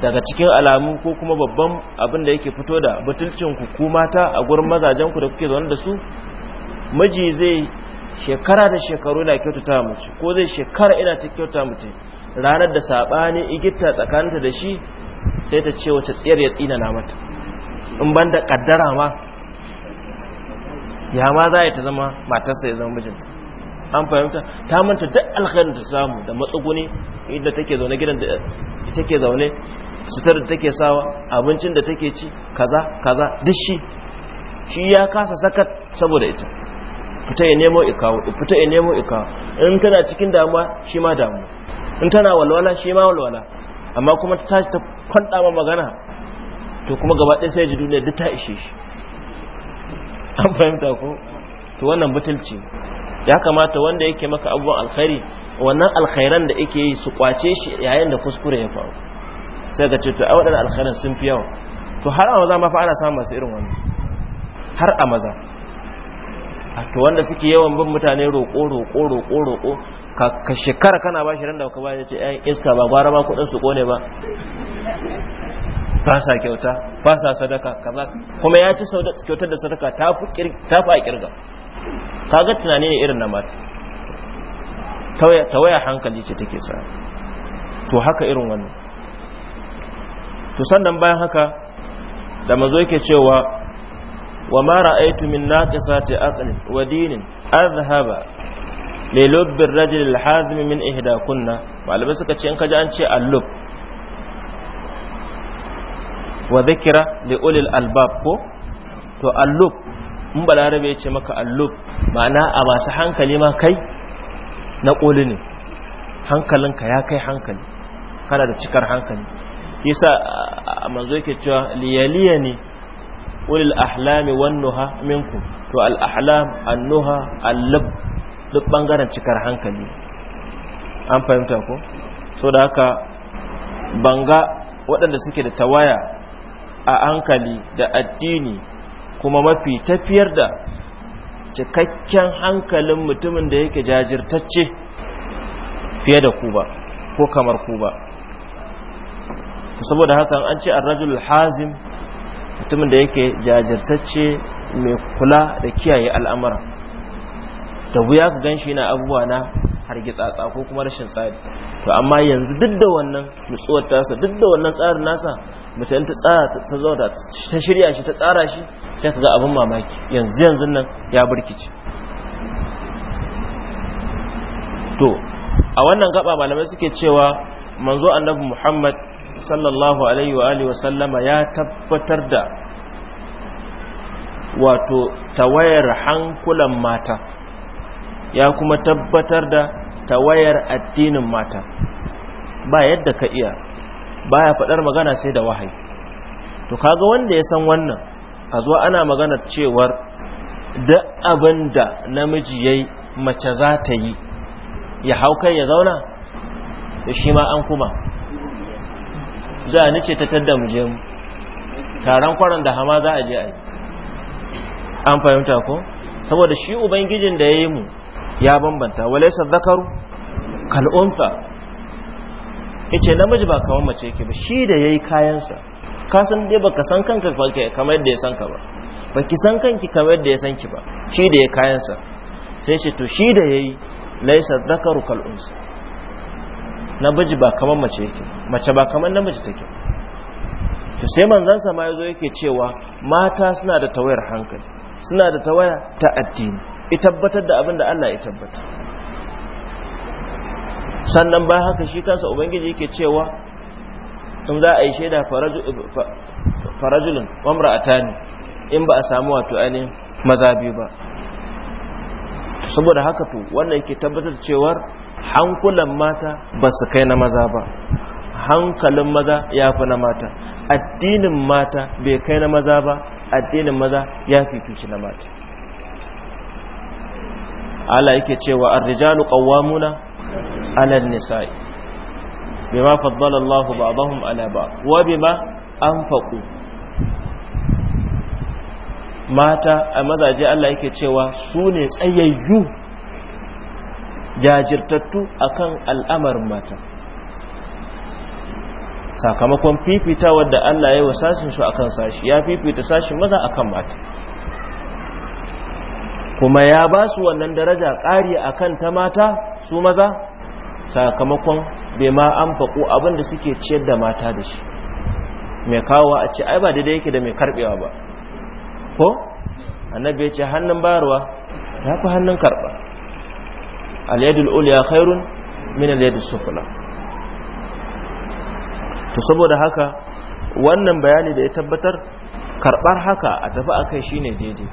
daga cikin alamu ko kuma babban abin da yake fito da butulcin ku ku mata a gurin mazajen ku da kuke zaune da su miji zai shekara da shekaru na kyautata mace ko zai shekara ina ta kyautata mace ranar da sabani igitta tsakaninta da shi sai ta ce wace tsiyar ya tsina na mata in ban da kaddara ma ya ma za ta zama matarsa ya zama mijinta an fahimta ta manta duk alkhairin da samu da matsuguni inda take zaune gidan da take zaune sitar da take sawa abincin da take ci kaza kaza duk shi shi ya kasa sakat saboda ita fita ya nemo ikawo fita ya nemo ikawo in tana cikin damuwa shi ma damu in tana walwala shi ma walwala amma kuma ta tashi ta kwanda ma magana to kuma gaba ɗaya sai ji duniya duk ta ishe shi an fahimta ko to wannan butulci ya kamata wanda yake maka abubuwan alkhairi wannan alkhairan da yake yi su kwace shi yayin da kuskure ya faru sai ka ce to a waɗannan alkhairin sun fi yawa to har a maza ma fa ana samun masu irin wannan har a maza a to wanda suke yawan bin mutane roƙo roƙo roƙo roƙo ka shekara kana ba shi ran da ka ba ya ce ai iska ba gwara ba kuɗin su kone ba fasa kyauta fasa sadaka kaza kuma ya ci kyautar da sadaka ta fi a kirga kaga tunani ne irin na mata waya hankali ce take sa to haka irin wannan to sannan bayan haka da mazo yake cewa wa ma ra'aytu min naqisati aqli wa dinin azhaba li lubb ar-rajul al-hazim min ihda kunna malamai suka ce in kaji an ce al lub wa dhikra li ulil albab ko to al lub in balarabe yace maka al lub ma'ana a masu hankali ma kai na ƙoli ne hankalinka ya kai hankali kana da cikar hankali yasa manzo yake cewa liyaliyani ulil ahlami wan nuha minkum to al ahlam an nuha al lab duk bangaren cikar hankali an fahimta ko so da haka banga waɗanda suke da tawaya a hankali da addini kuma mafi tafiyar da cikakken hankalin mutumin da yake jajirtacce fiye da ku ba ko kamar ku ba saboda hakan an ce ar-rajul hazim mutumin da yake jajirtacce mai kula da kiyaye al'amura da wuya ka ganshi na abubuwa na hargitsatsa ko kuma rashin tsari to amma yanzu duk da wannan nutsuwar tasa duk da wannan tsarin nasa mutum ta tsara ta zauna ta shirya shi ta tsara shi sai ka ga abin mamaki yanzu yanzu nan ya burkice to a wannan gaba malamai suke cewa manzo annabi Muhammad sallallahu alaihi wa alihi wasallama ya tabbatar da wato tawayar hankulan mata ya kuma tabbatar da tawayar addinin mata ba yadda ka iya baya faɗar magana sai da wahayi to kaga wanda ya san wannan a zuwa ana magana cewar da abin da namiji ya mace za ta yi ya hau kai ya zauna da shi ma an kuma za ni ce ta tadda mu je mu taron kwaron da hama za a je a yi an fahimta ko saboda shi ubangijin da ya yi mu ya bambanta walaisa zakaru kal'unfa ya ce namiji ba kamar mace yake ba shi da ya yi kayansa ka san dai baka san kanka kamar yadda ya san ka ba baki san kanki kamar yadda ya san ki ba shi da ya kayansa sai ce to shi da ya yi laisa zakaru kal'unsa namiji ba kamar mace yake mace ba kamar namiji take to sai manzon sama yazo yake cewa mata suna da tawayar hankali suna da tawaya ta addini ita tabbatar da abin da Allah ya tabbata sannan ba haka shi kansa ubangiji yake cewa in za a yi shaida farajulun wamra in ba a samu wato ainihin maza biyu ba saboda haka to wannan yake tabbatar cewar hankulan mata ba su kai na maza ba hankalin maza ya fi na mata addinin mata bai kai na maza ba addinin maza ya fi fici na mata ala yake cewa arrijalu qawwamuna ala nisa'i bima faddala Allahu ba'dahum ala ba'd wa bima anfaqu mata a mazaje Allah yake cewa su ne tsayayyu jajirtattu akan al'amarin mata sakamakon fifita wadda Allah ya yi wa sashin su akan sashi ya fifita sashin maza akan mata kuma ya ba su wannan daraja ƙari akan ta mata su maza sakamakon bai ma an faƙo abinda suke ciyar da mata da shi mai kawo a ce ai ba daidai yake da mai karɓewa ba ko annabi ya ce hannun bayarwa ya fi hannun karɓa al uliya khairun min al sufla to saboda haka wannan bayani da ya tabbatar karbar haka a tafi a kai shine daidai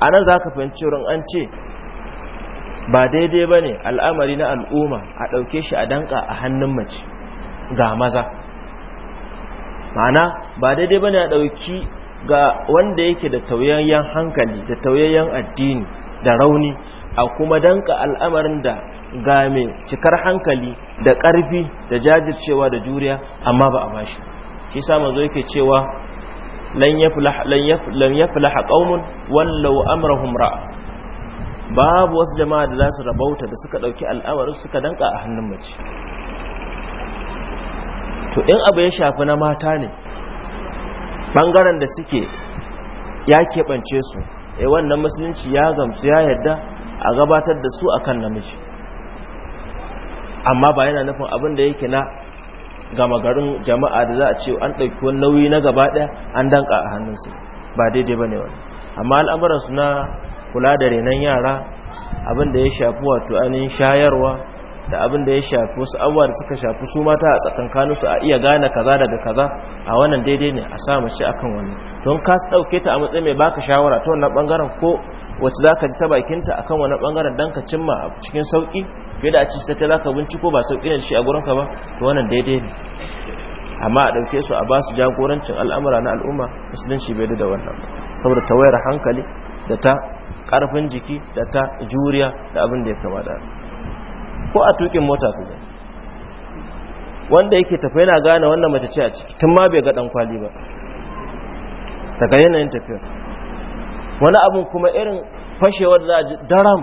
anan zaka fahimci wurin an ce ba daidai bane al'amari na al'umma a dauke shi a danka a hannun mace ga maza Mana ba daidai bane a dauki ga wanda yake da tauyayyen hankali da tauyayyen addini da rauni a kuma danka al'amarin da ga cikar hankali da ƙarfi da jajircewa da juriya amma ba a bashi shi sa manzo yake cewa lan ya lan yaflah qaumun wallau amrahum ra'a babu wasu jama'a da za su rabauta da suka dauki al'amarin suka danka a hannun mace to in abu ya shafi na mata ne bangaren da suke ya keɓance su e wannan musulunci ya gamsu ya yarda a gabatar da su akan namiji amma ba yana nufin abin da yake na gama garin jama'a da za a ce an ɗauki wani nauyi na gaba ɗaya an danka a hannunsu ba daidai ba ne wani amma al'amuransu na kula da renon yara abin da ya shafi wato ainihin shayarwa da abin da ya shafi wasu abuwa da suka shafi su mata a su a iya gane kaza daga kaza a wannan daidai ne a samu shi akan wani don ka ɗauke ta a matsayin mai baka shawara ta wannan bangaren ko wacce za ka ji ta bakinta a kan wani ɓangaren don ka cimma a cikin sauƙi fiye da a ci sata za ka binciko ba sauƙi ne shi a gurinka ba to wannan daidai ne amma a ɗauke su a ba su jagorancin al'amura na al'umma musulunci bai da wannan saboda ta wayar hankali da ta ƙarfin jiki da ta juriya da abin da ya kama da ko a tukin mota ku wanda yake tafiya yana gane wannan mace ce a ciki tun ma bai ga ɗan kwali ba daga yanayin tafiyar wani abin kuma irin fashewar da ji daram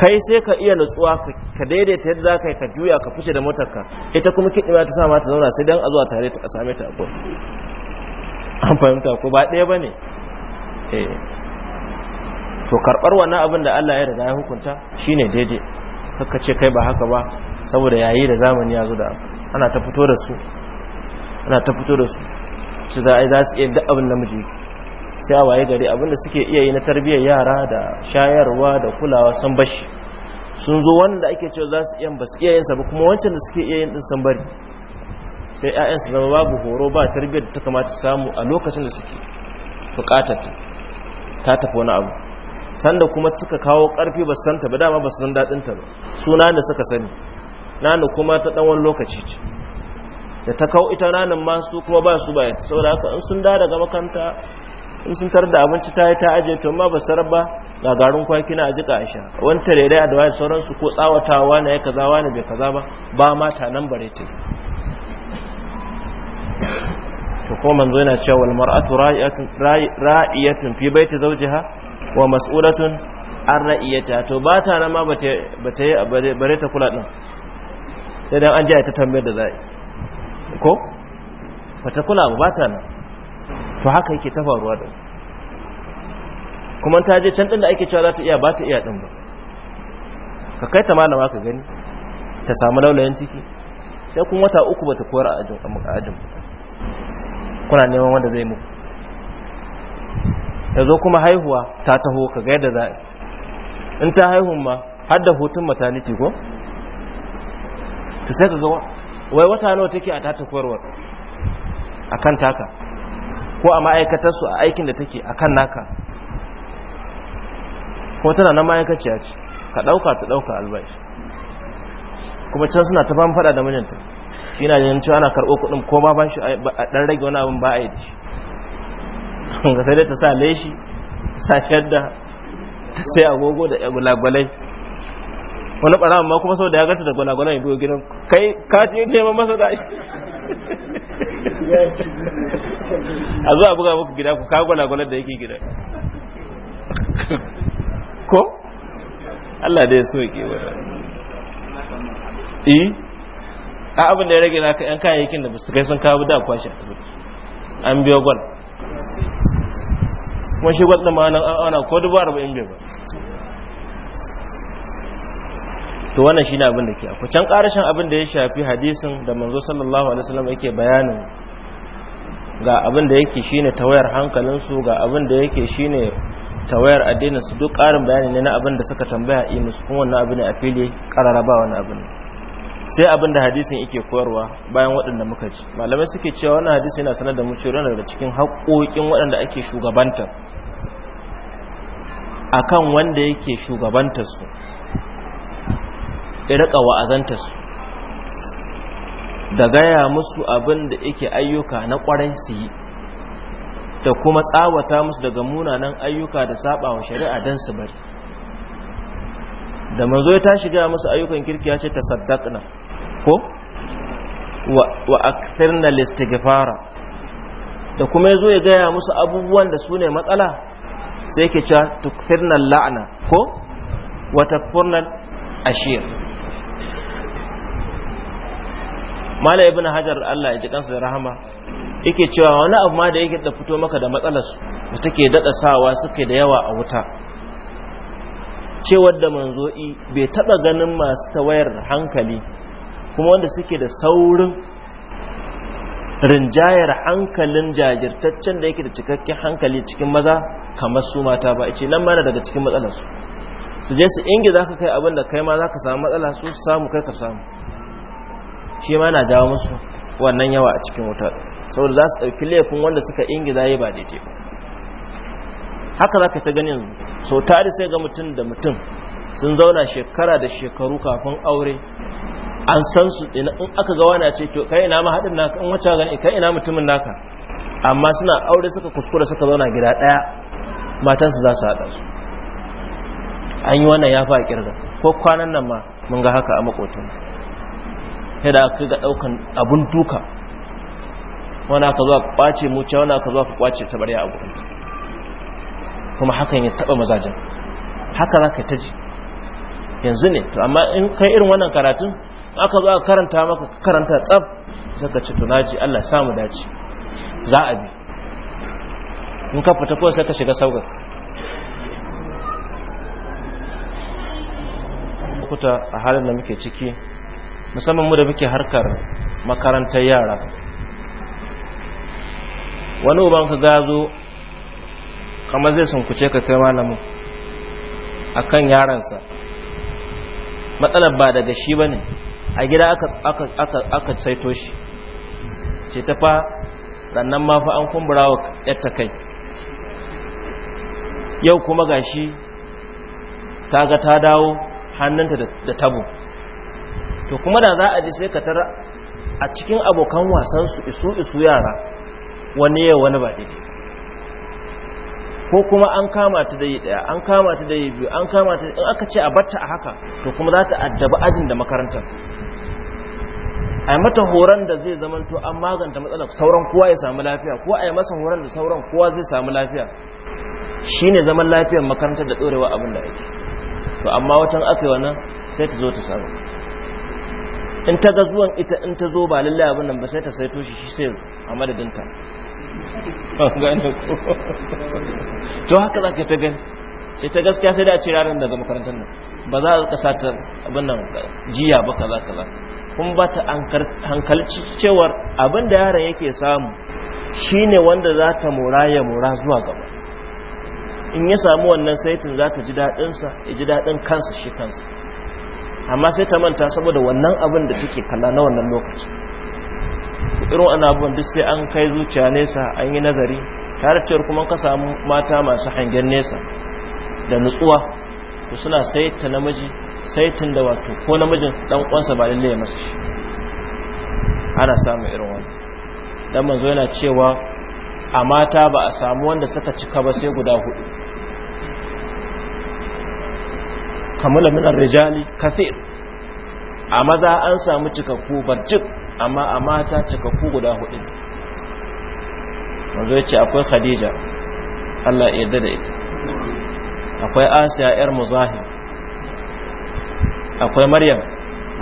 kai sai ka iya nutsuwa ka daidaita yadda za ka yi ka juya ka fice da motarka ita kuma kiɗima ta sa mata zauna sai don a zuwa tare ta same ta akwai an fahimta ko ba ɗaya ba ne eh. to karɓar wannan abin da Allah ya riga ya hukunta shine daidai haka ce kai ba haka ba saboda yayi da zamani ya zo da ana ta fito da su ana ta fito da su su za a yi za su iya duk abin namiji sai a waye gari abinda suke iya yi na tarbiyyar yara da shayarwa da kulawa sun bashi sun zo wannan da ake cewa za su iya ba su iya yin sa ba kuma wancan da suke iya yin din sun bari sai ƴaƴan su zama babu horo ba tarbiyyar da ta kamata samu a lokacin da suke bukatar ta tafi wani abu sanda kuma suka kawo karfi ba santa ba dama ba su san dadin ta ba suna da suka sani nanu kuma ta dan wani lokaci ce da ta kawo ita nanin ma su kuma ba su ba saboda haka in sun da daga makanta in sun tarar da abinci ta yi ta ajiye to ma ba tarar ba ga garin kwaki na ajiƙa a sha wani tarere a da sauransu ko tsawatawa na ya kaza wani bai kaza ba ba mata nan bare ta to ko manzo yana cewa wal mar'atu ra'iyatun ra'iyatun fi baiti zawjiha wa mas'ulatun an ra'iyata to ba ta nan ma bata bata bare ta kula din sai dan an ji ta tambayar da zai ko ta kula ba ta nan to haka yake ta faruwa da kuma ta je can din da ake cewa za ta iya ba ta iya din ba ka kai ta malama ka gani ta samu laulayin ciki sai kun wata uku ba ta koyar a ajin kuna neman wanda zai muku ya zo kuma haihuwa ta taho ka ga yadda za in ta haihun ma har da hutun mataliti ko ta sai ta zo wai wata nawa take a tata koyarwar a kan taka ko a ma'aikatarsu a aikin da take a kan naka kuma tana na ma'aikaciya ce ka ɗauka ta ɗauka albashi kuma can suna ta faɗa da mijinta yana yin cewa ana karɓo kuɗin ko ba ba shi a ɗan rage wani abin ba a yi da shi ga sai dai ta sa leshi sa shadda sai agogo da gulagulai wani ɓarawan ma kuma sau da ya gata da gulagulai biyu gidan kai ka ce ce ma masa da a zuwa a buga muku gida ku kawo gwalagwalar da yake gida ko Allah da ya so ke wata yi eh? a abin da ya rage naka yan kayayyakin da su kai sun kawo da kwashe a tabbata an biyo gwal kuma shi gwal da ma nan an ko dubu arba'in biyo ba to wannan ne abin da ke akwai can karashin abin da ya shafi hadisin da manzo sallallahu alaihi wasallam yake bayanin ga abin da yake shine tawayar hankalinsu ga abin da yake shine tawayar addininsu duk ƙarin bayani ne na abin da suka tambaya yi musu kuma wannan abin a fili ƙarara ba wani abin sai abin da hadisin yake koyarwa bayan waɗanda muka ci malamai suke cewa wannan hadisi yana sanar da mu cewa daga cikin haƙoƙin waɗanda ake shugabanta akan wanda yake shugabantar su ya riƙa wa'azantar da gaya musu abin da yake ayyuka na kwarai su yi da kuma tsawata musu daga munanan ayyuka da saba wa shari'a don su bari da manzo ya tashi musu ayyukan kirki ya ce ta saddaqna ko wa akthirna listigifara, da kuma ya zo ya gaya musu abubuwan da su ne matsala sai ke cewa tukfirna la'ana ko wa takfurna ashir mala ibn hajar Allah ya ji kansa da rahama yake cewa wani abu ma da yake da fito maka da matsalar su da take dada sawa suke da yawa a wuta cewa da manzo'i bai taba ganin masu tawayar hankali kuma wanda suke da saurin rinjayar hankalin jajirtaccen da yake da cikakken hankali cikin maza kamar su mata ba ce nan mana daga cikin matsalar su su je su za ka kai abin da kai ma za ka samu matsala su samu kai ka samu shi ma na jawo musu wannan yawa a cikin wuta saboda za su ɗauki laifin wanda suka ingiza yi ba daidai ba haka za ka ta ganin sau tari sai ga mutum da mutum sun zauna shekara da shekaru kafin aure an san su in aka ga wani a ce kai ina mahaɗin naka in wacce gani kai ina mutumin naka amma suna aure suka kuskura suka zauna gida ɗaya matansu za su haɗa su an yi wannan ya fa kirga ko kwanan nan ma mun ga haka a makotun Kada ka aka ga daukan abun duka ka zo ka kwace muciya ka zo ka kwace tabarya a gurin kuma hakan ya taba mazajen haka za ka taji yanzu ne to amma in kai irin wannan karatun aka ka karanta maka karanta tsab zaka ci tunaji Allah samu dace za a bi in ka fita ko sai ka shiga sauka kuta a halin da muke ciki musamman mu da muke harkar makarantar yara wani uban ka gazo kamar zai sunkuce ka kai a akan yaransa matsalar ba daga shi ba ne a gida aka saito shi ce ta fa rannan ma an kumbura wa yatta kai yau kuma gashi ta ga ta dawo hannunta da tabo to kuma da za a ji sai ka tara a cikin abokan wasan su isu isu yara wani ya wani ba daidai ko kuma an kama ta da yi daya an kama ta da yi biyu an kama ta in aka ce a batta a haka to kuma za ta addabi ajin da makarantar a mata horon da zai zama to an maganta matsalar sauran kowa ya samu lafiya ko a yi masa horon da sauran kowa zai samu lafiya shi ne zaman lafiyar makarantar da tsorewa abin da ake to amma watan aka yi wannan sai ta zo ta samu in ta ga zuwan ita in ta zo ba lallai abin nan ba sai ta saito shi shi sai a madadinta to haka za ka ta gani ta gaskiya sai da a ce ranar daga makarantar nan ba za a sata abin nan jiya ba kaza kaza kun ba ta hankalci cewar abin da yaron yake samu shine wanda za ta mora ya mora zuwa gaba in ya samu wannan saitin za ta ji daɗinsa ya ji daɗin kansa shi kansa amma sai ta manta saboda wannan abin da take kalla na wannan lokaci irin wannan abin duk sai an kai zuciya nesa an yi nazari tare da kuma ka samu mata masu hangen nesa da nutsuwa su suna saita namiji saitin da wato ko namijin dan kwansa ba lalle ya masa shi ana samun irin wani dan manzo yana cewa a mata ba a samu wanda suka cika ba sai guda hudu kamula min ar-rijali kathir a maza an samu cikakku barjik amma a mata cikakku guda hudu wanda ya ce akwai khadija Allah ya yarda da ita akwai asiya yar muzahim akwai maryam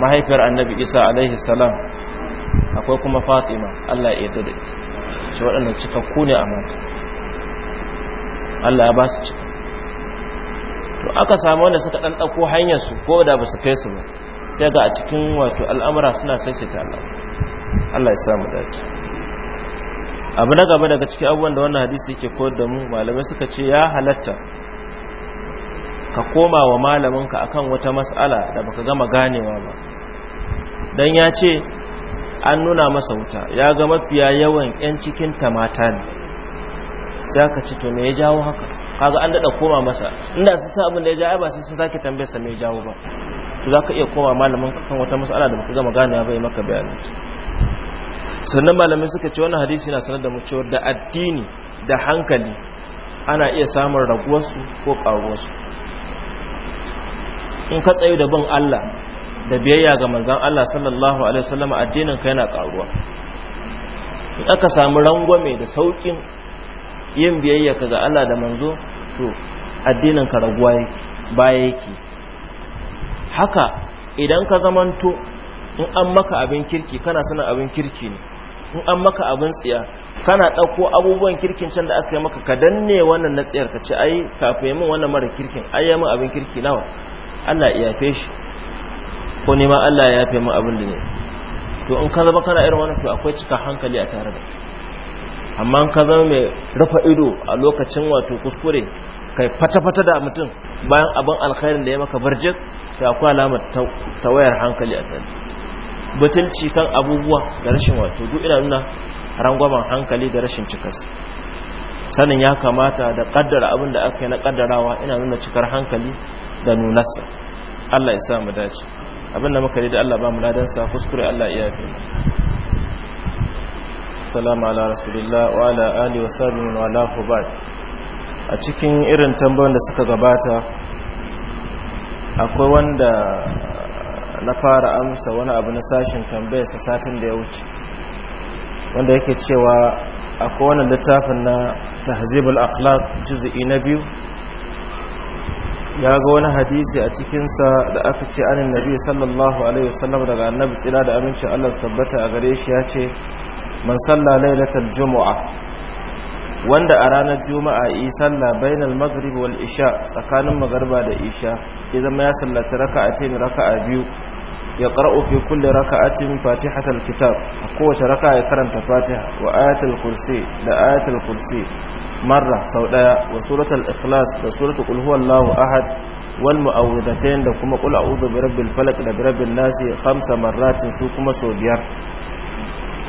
mahaifiyar annabi isa alaihi salam akwai kuma fatima Allah ya yarda da ita shi waɗannan cikakku ne a mata Allah ya ba su cikakku to aka samu wanda suka dan dauko hanyar su ko da ba su kai su ba sai ga a cikin wato al'amura suna ta Allah Allah ya samu dace abu na gaba daga cikin abubuwan da wannan hadisi yake koyar da mu malamai suka ce ya halatta ka koma wa malamin ka akan wata mas'ala da baka gama ganewa ba dan ya ce an nuna masa wuta ya ga mafiya yawan 'yan cikin tamata ne sai aka ce to me ya jawo haka kaga an dada koma masa inda su sa abin da ya ja ba sai sun sake tambayar sa mai jawo ba to zaka iya koma malamin kan wata mas'ala da baka gama gane ba ya maka bayani sannan malamin suka ce wannan hadisi na sanar da mu cewa da addini da hankali ana iya samun raguwarsu ko karuwarsu in ka tsayu da bin Allah da biyayya ga manzon Allah sallallahu alaihi wasallam addinin ka yana karuwa in aka samu rangwame da saukin yin biyayya ga Allah da manzo to addinin ka raguwa yake baya yake haka idan ka zamanto in an maka abin kirki kana sanin abin kirki ne in an maka abin tsiya kana ɗauko abubuwan kirkin can da aka yi maka ka danne wannan na tsiyar ka ce ai kafa yi min wannan mara kirkin ai yi min abin kirki nawa Allah ya yafe shi ko nema Allah ya yafe min abin da ne to in ka zama kana irin wannan to akwai cika hankali a tare da shi amma ka zama mai rufa ido a lokacin wato kuskure kai fata-fata da mutum bayan abin alkhairin da ya maka barjik sai akwai alamar tawayar hankali a tsari batun kan abubuwa da rashin wato duk ina nuna rangwamen hankali da rashin cikas sanin ya kamata da kaddara abin da aka yi na kaddarawa ina nuna cikar hankali da nunarsa Allah ya sa mu dace abin da muka yi da Allah ba mu ladansa kuskure Allah iya fi ala على wa ala ali wa wa ala hubad a cikin irin tambayoyin da suka gabata akwai wanda na fara amsa wani abu na sashen tambayar sa satin da ya wuce wanda yake cewa akwai wannan littafin na tahzibul akhlaq juz'i na biyu ya ga wani hadisi a cikinsa da aka ce anin nabi sallallahu alaihi wasallam daga annabi tsira da amincin Allah su tabbata a gare shi ya ce man salla lailatul jumu'a wanda a ranar juma'a yi salla bainal maghrib wal isha tsakanin magarba da isha ya zama ya sallaci raka'atain raka'a biyu ya qara'u fi kulli raka'atin fatihatal kitab a kowace raka'a ya karanta fatiha wa ayatul kursi da ayatul kursi marra sau daya wa suratul ikhlas da suratul qul huwallahu ahad wal mu'awwidatayn da kuma qul a'udhu birabbil falaq da birabbin nasi khamsa marratin su kuma sau biyar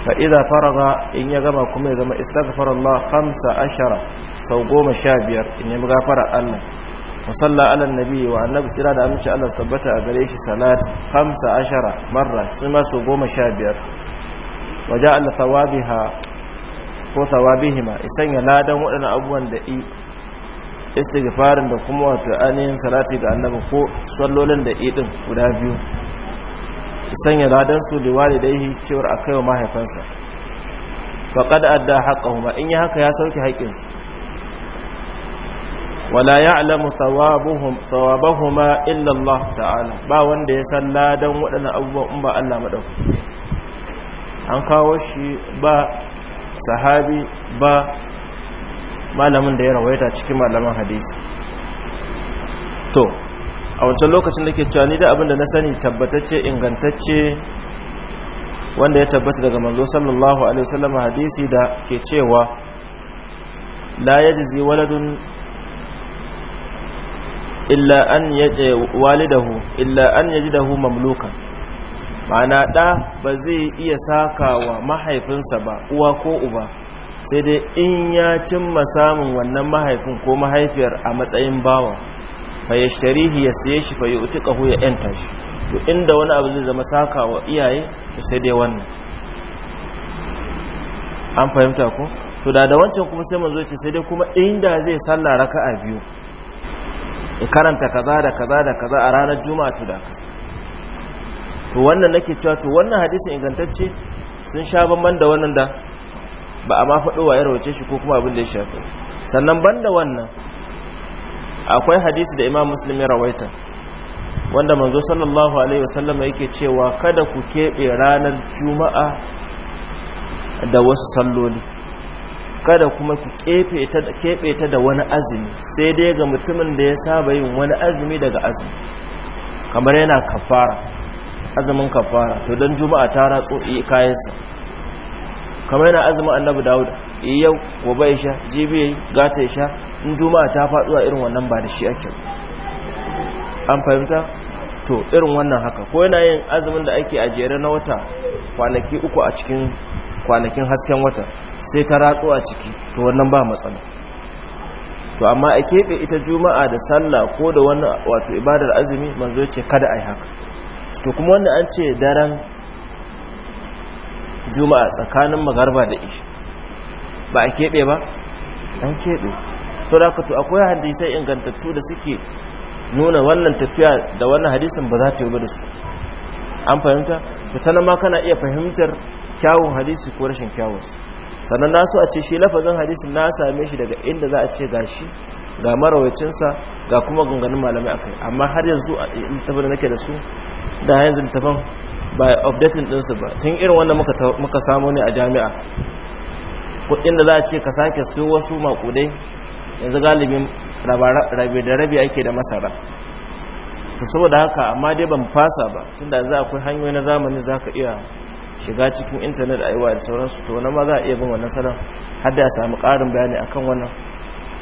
fa idza faraga in ya gama kuma ya zama istaghfirullah 15 sau 15 in ya gafara Allah musalla ala nabi wa annabi sira da amince Allah sabbata a gare shi salati 15 marra sai ma sau 15 waja al thawabiha ko thawabihima isan ya ladan waɗannan abubuwan da i istighfarin da kuma wato ainihin salati ga annabi ko sallolin da i din guda biyu sanya ladan su da yi cewar a kaiwa mahaifansa faqad adda huma in yi haka ya sauke haƙinsu wala ya alamu thawabahuma illa illallah ta'ala ba wanda ya san ladan waɗannan abubuwan in ba Allah maɗauki an kawo shi ba sahabi ba malamin da ya rawaita cikin malaman hadisi to a wancan lokacin da ke cewa da abin na sani tabbatacce ingantacce wanda ya tabbata daga manzo sallallahu alaihi wasallam hadisi da ke cewa la yajzi waladun illa an yaje walidahu illa an yajidahu mamlukan ma'ana da ba zai iya sakawa mahaifinsa ba uwa ko uba sai dai in ya cimma samun wannan mahaifin ko mahaifiyar a matsayin bawa fa yashtarihi ya saye shi fa yu'tiqahu ya yanta shi to inda wani abu zai zama saka wa iyaye to sai dai wannan an fahimta ko to da da wancan kuma sai manzo ce sai dai kuma inda zai sallah raka'a biyu ya karanta kaza da kaza da kaza a ranar juma'a to da kaza to wannan nake cewa to wannan hadisin ingantacce sun sha bamban da wannan da ba a ma faɗo wa ya rawace shi ko kuma abin da ya shafi sannan banda wannan akwai hadisi da imam muslim ya rawaita wanda manzo sallallahu alaihi wasallam yake cewa kada ku keɓe ranar juma'a da wasu salloli kada kuma ku keɓe ta da wani azumi sai dai ga mutumin da ya saba yin wani azumi daga azumi kamar yana kafara azumin kafara to don juma'a ta ratso kayansa kamar yana azumin annabi dawuda Eh, yau gobe ya sha jibi ya yi gata ya sha in juma'a ta faɗuwa irin wannan ba da shi ake an fahimta to irin wannan haka ko yana yin azumin da ake ajiyar na wata kwanaki uku a cikin kwanakin hasken wata sai ta ratsu a ciki to wannan ba matsala to amma a keɓe ita juma'a da sallah ko da wani wato ibadar azumi manzo ce kada a yi haka to kuma wannan an ce daren juma'a tsakanin magarba da ishi ba a keɓe ba an keɓe to da ka to akwai hadisai ingantattu da suke nuna wannan tafiya da wannan hadisin ba za ta yi ba da su an fahimta ta ta ma kana iya fahimtar kyawun hadisi ko rashin kyawunsa sannan na so a ce shi lafazin hadisin na same shi daga inda za a ce shi ga marawacinsa ga kuma ganganin malamai a kai amma har yanzu a littafin da nake da su da yanzu littafin ba updating ɗinsu ba tun irin wanda muka samu ne a jami'a kuɗin da za a ce ka sake su wasu makudai yanzu galibin rabe da rabi ake da masara ta saboda haka amma dai ban fasa ba tunda a akwai hanyoyi na zamani za ka iya shiga cikin intanet a yiwa da sauransu to wani ma za a iya bin wannan salon har da samu ƙarin bayani akan wannan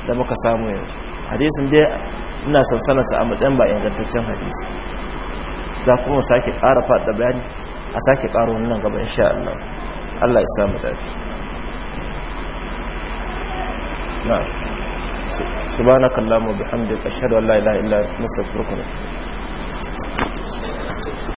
da muka samu yanzu hadisin dai ina sansana a matsayin ba ingantaccen hadisi za kuma sake ƙara faɗa bayani a sake ƙara wannan gaba insha Allah Allah ya samu dace na'am subhanakallahumma bihamdika ashhadu an la ilaha illa anta astaghfiruka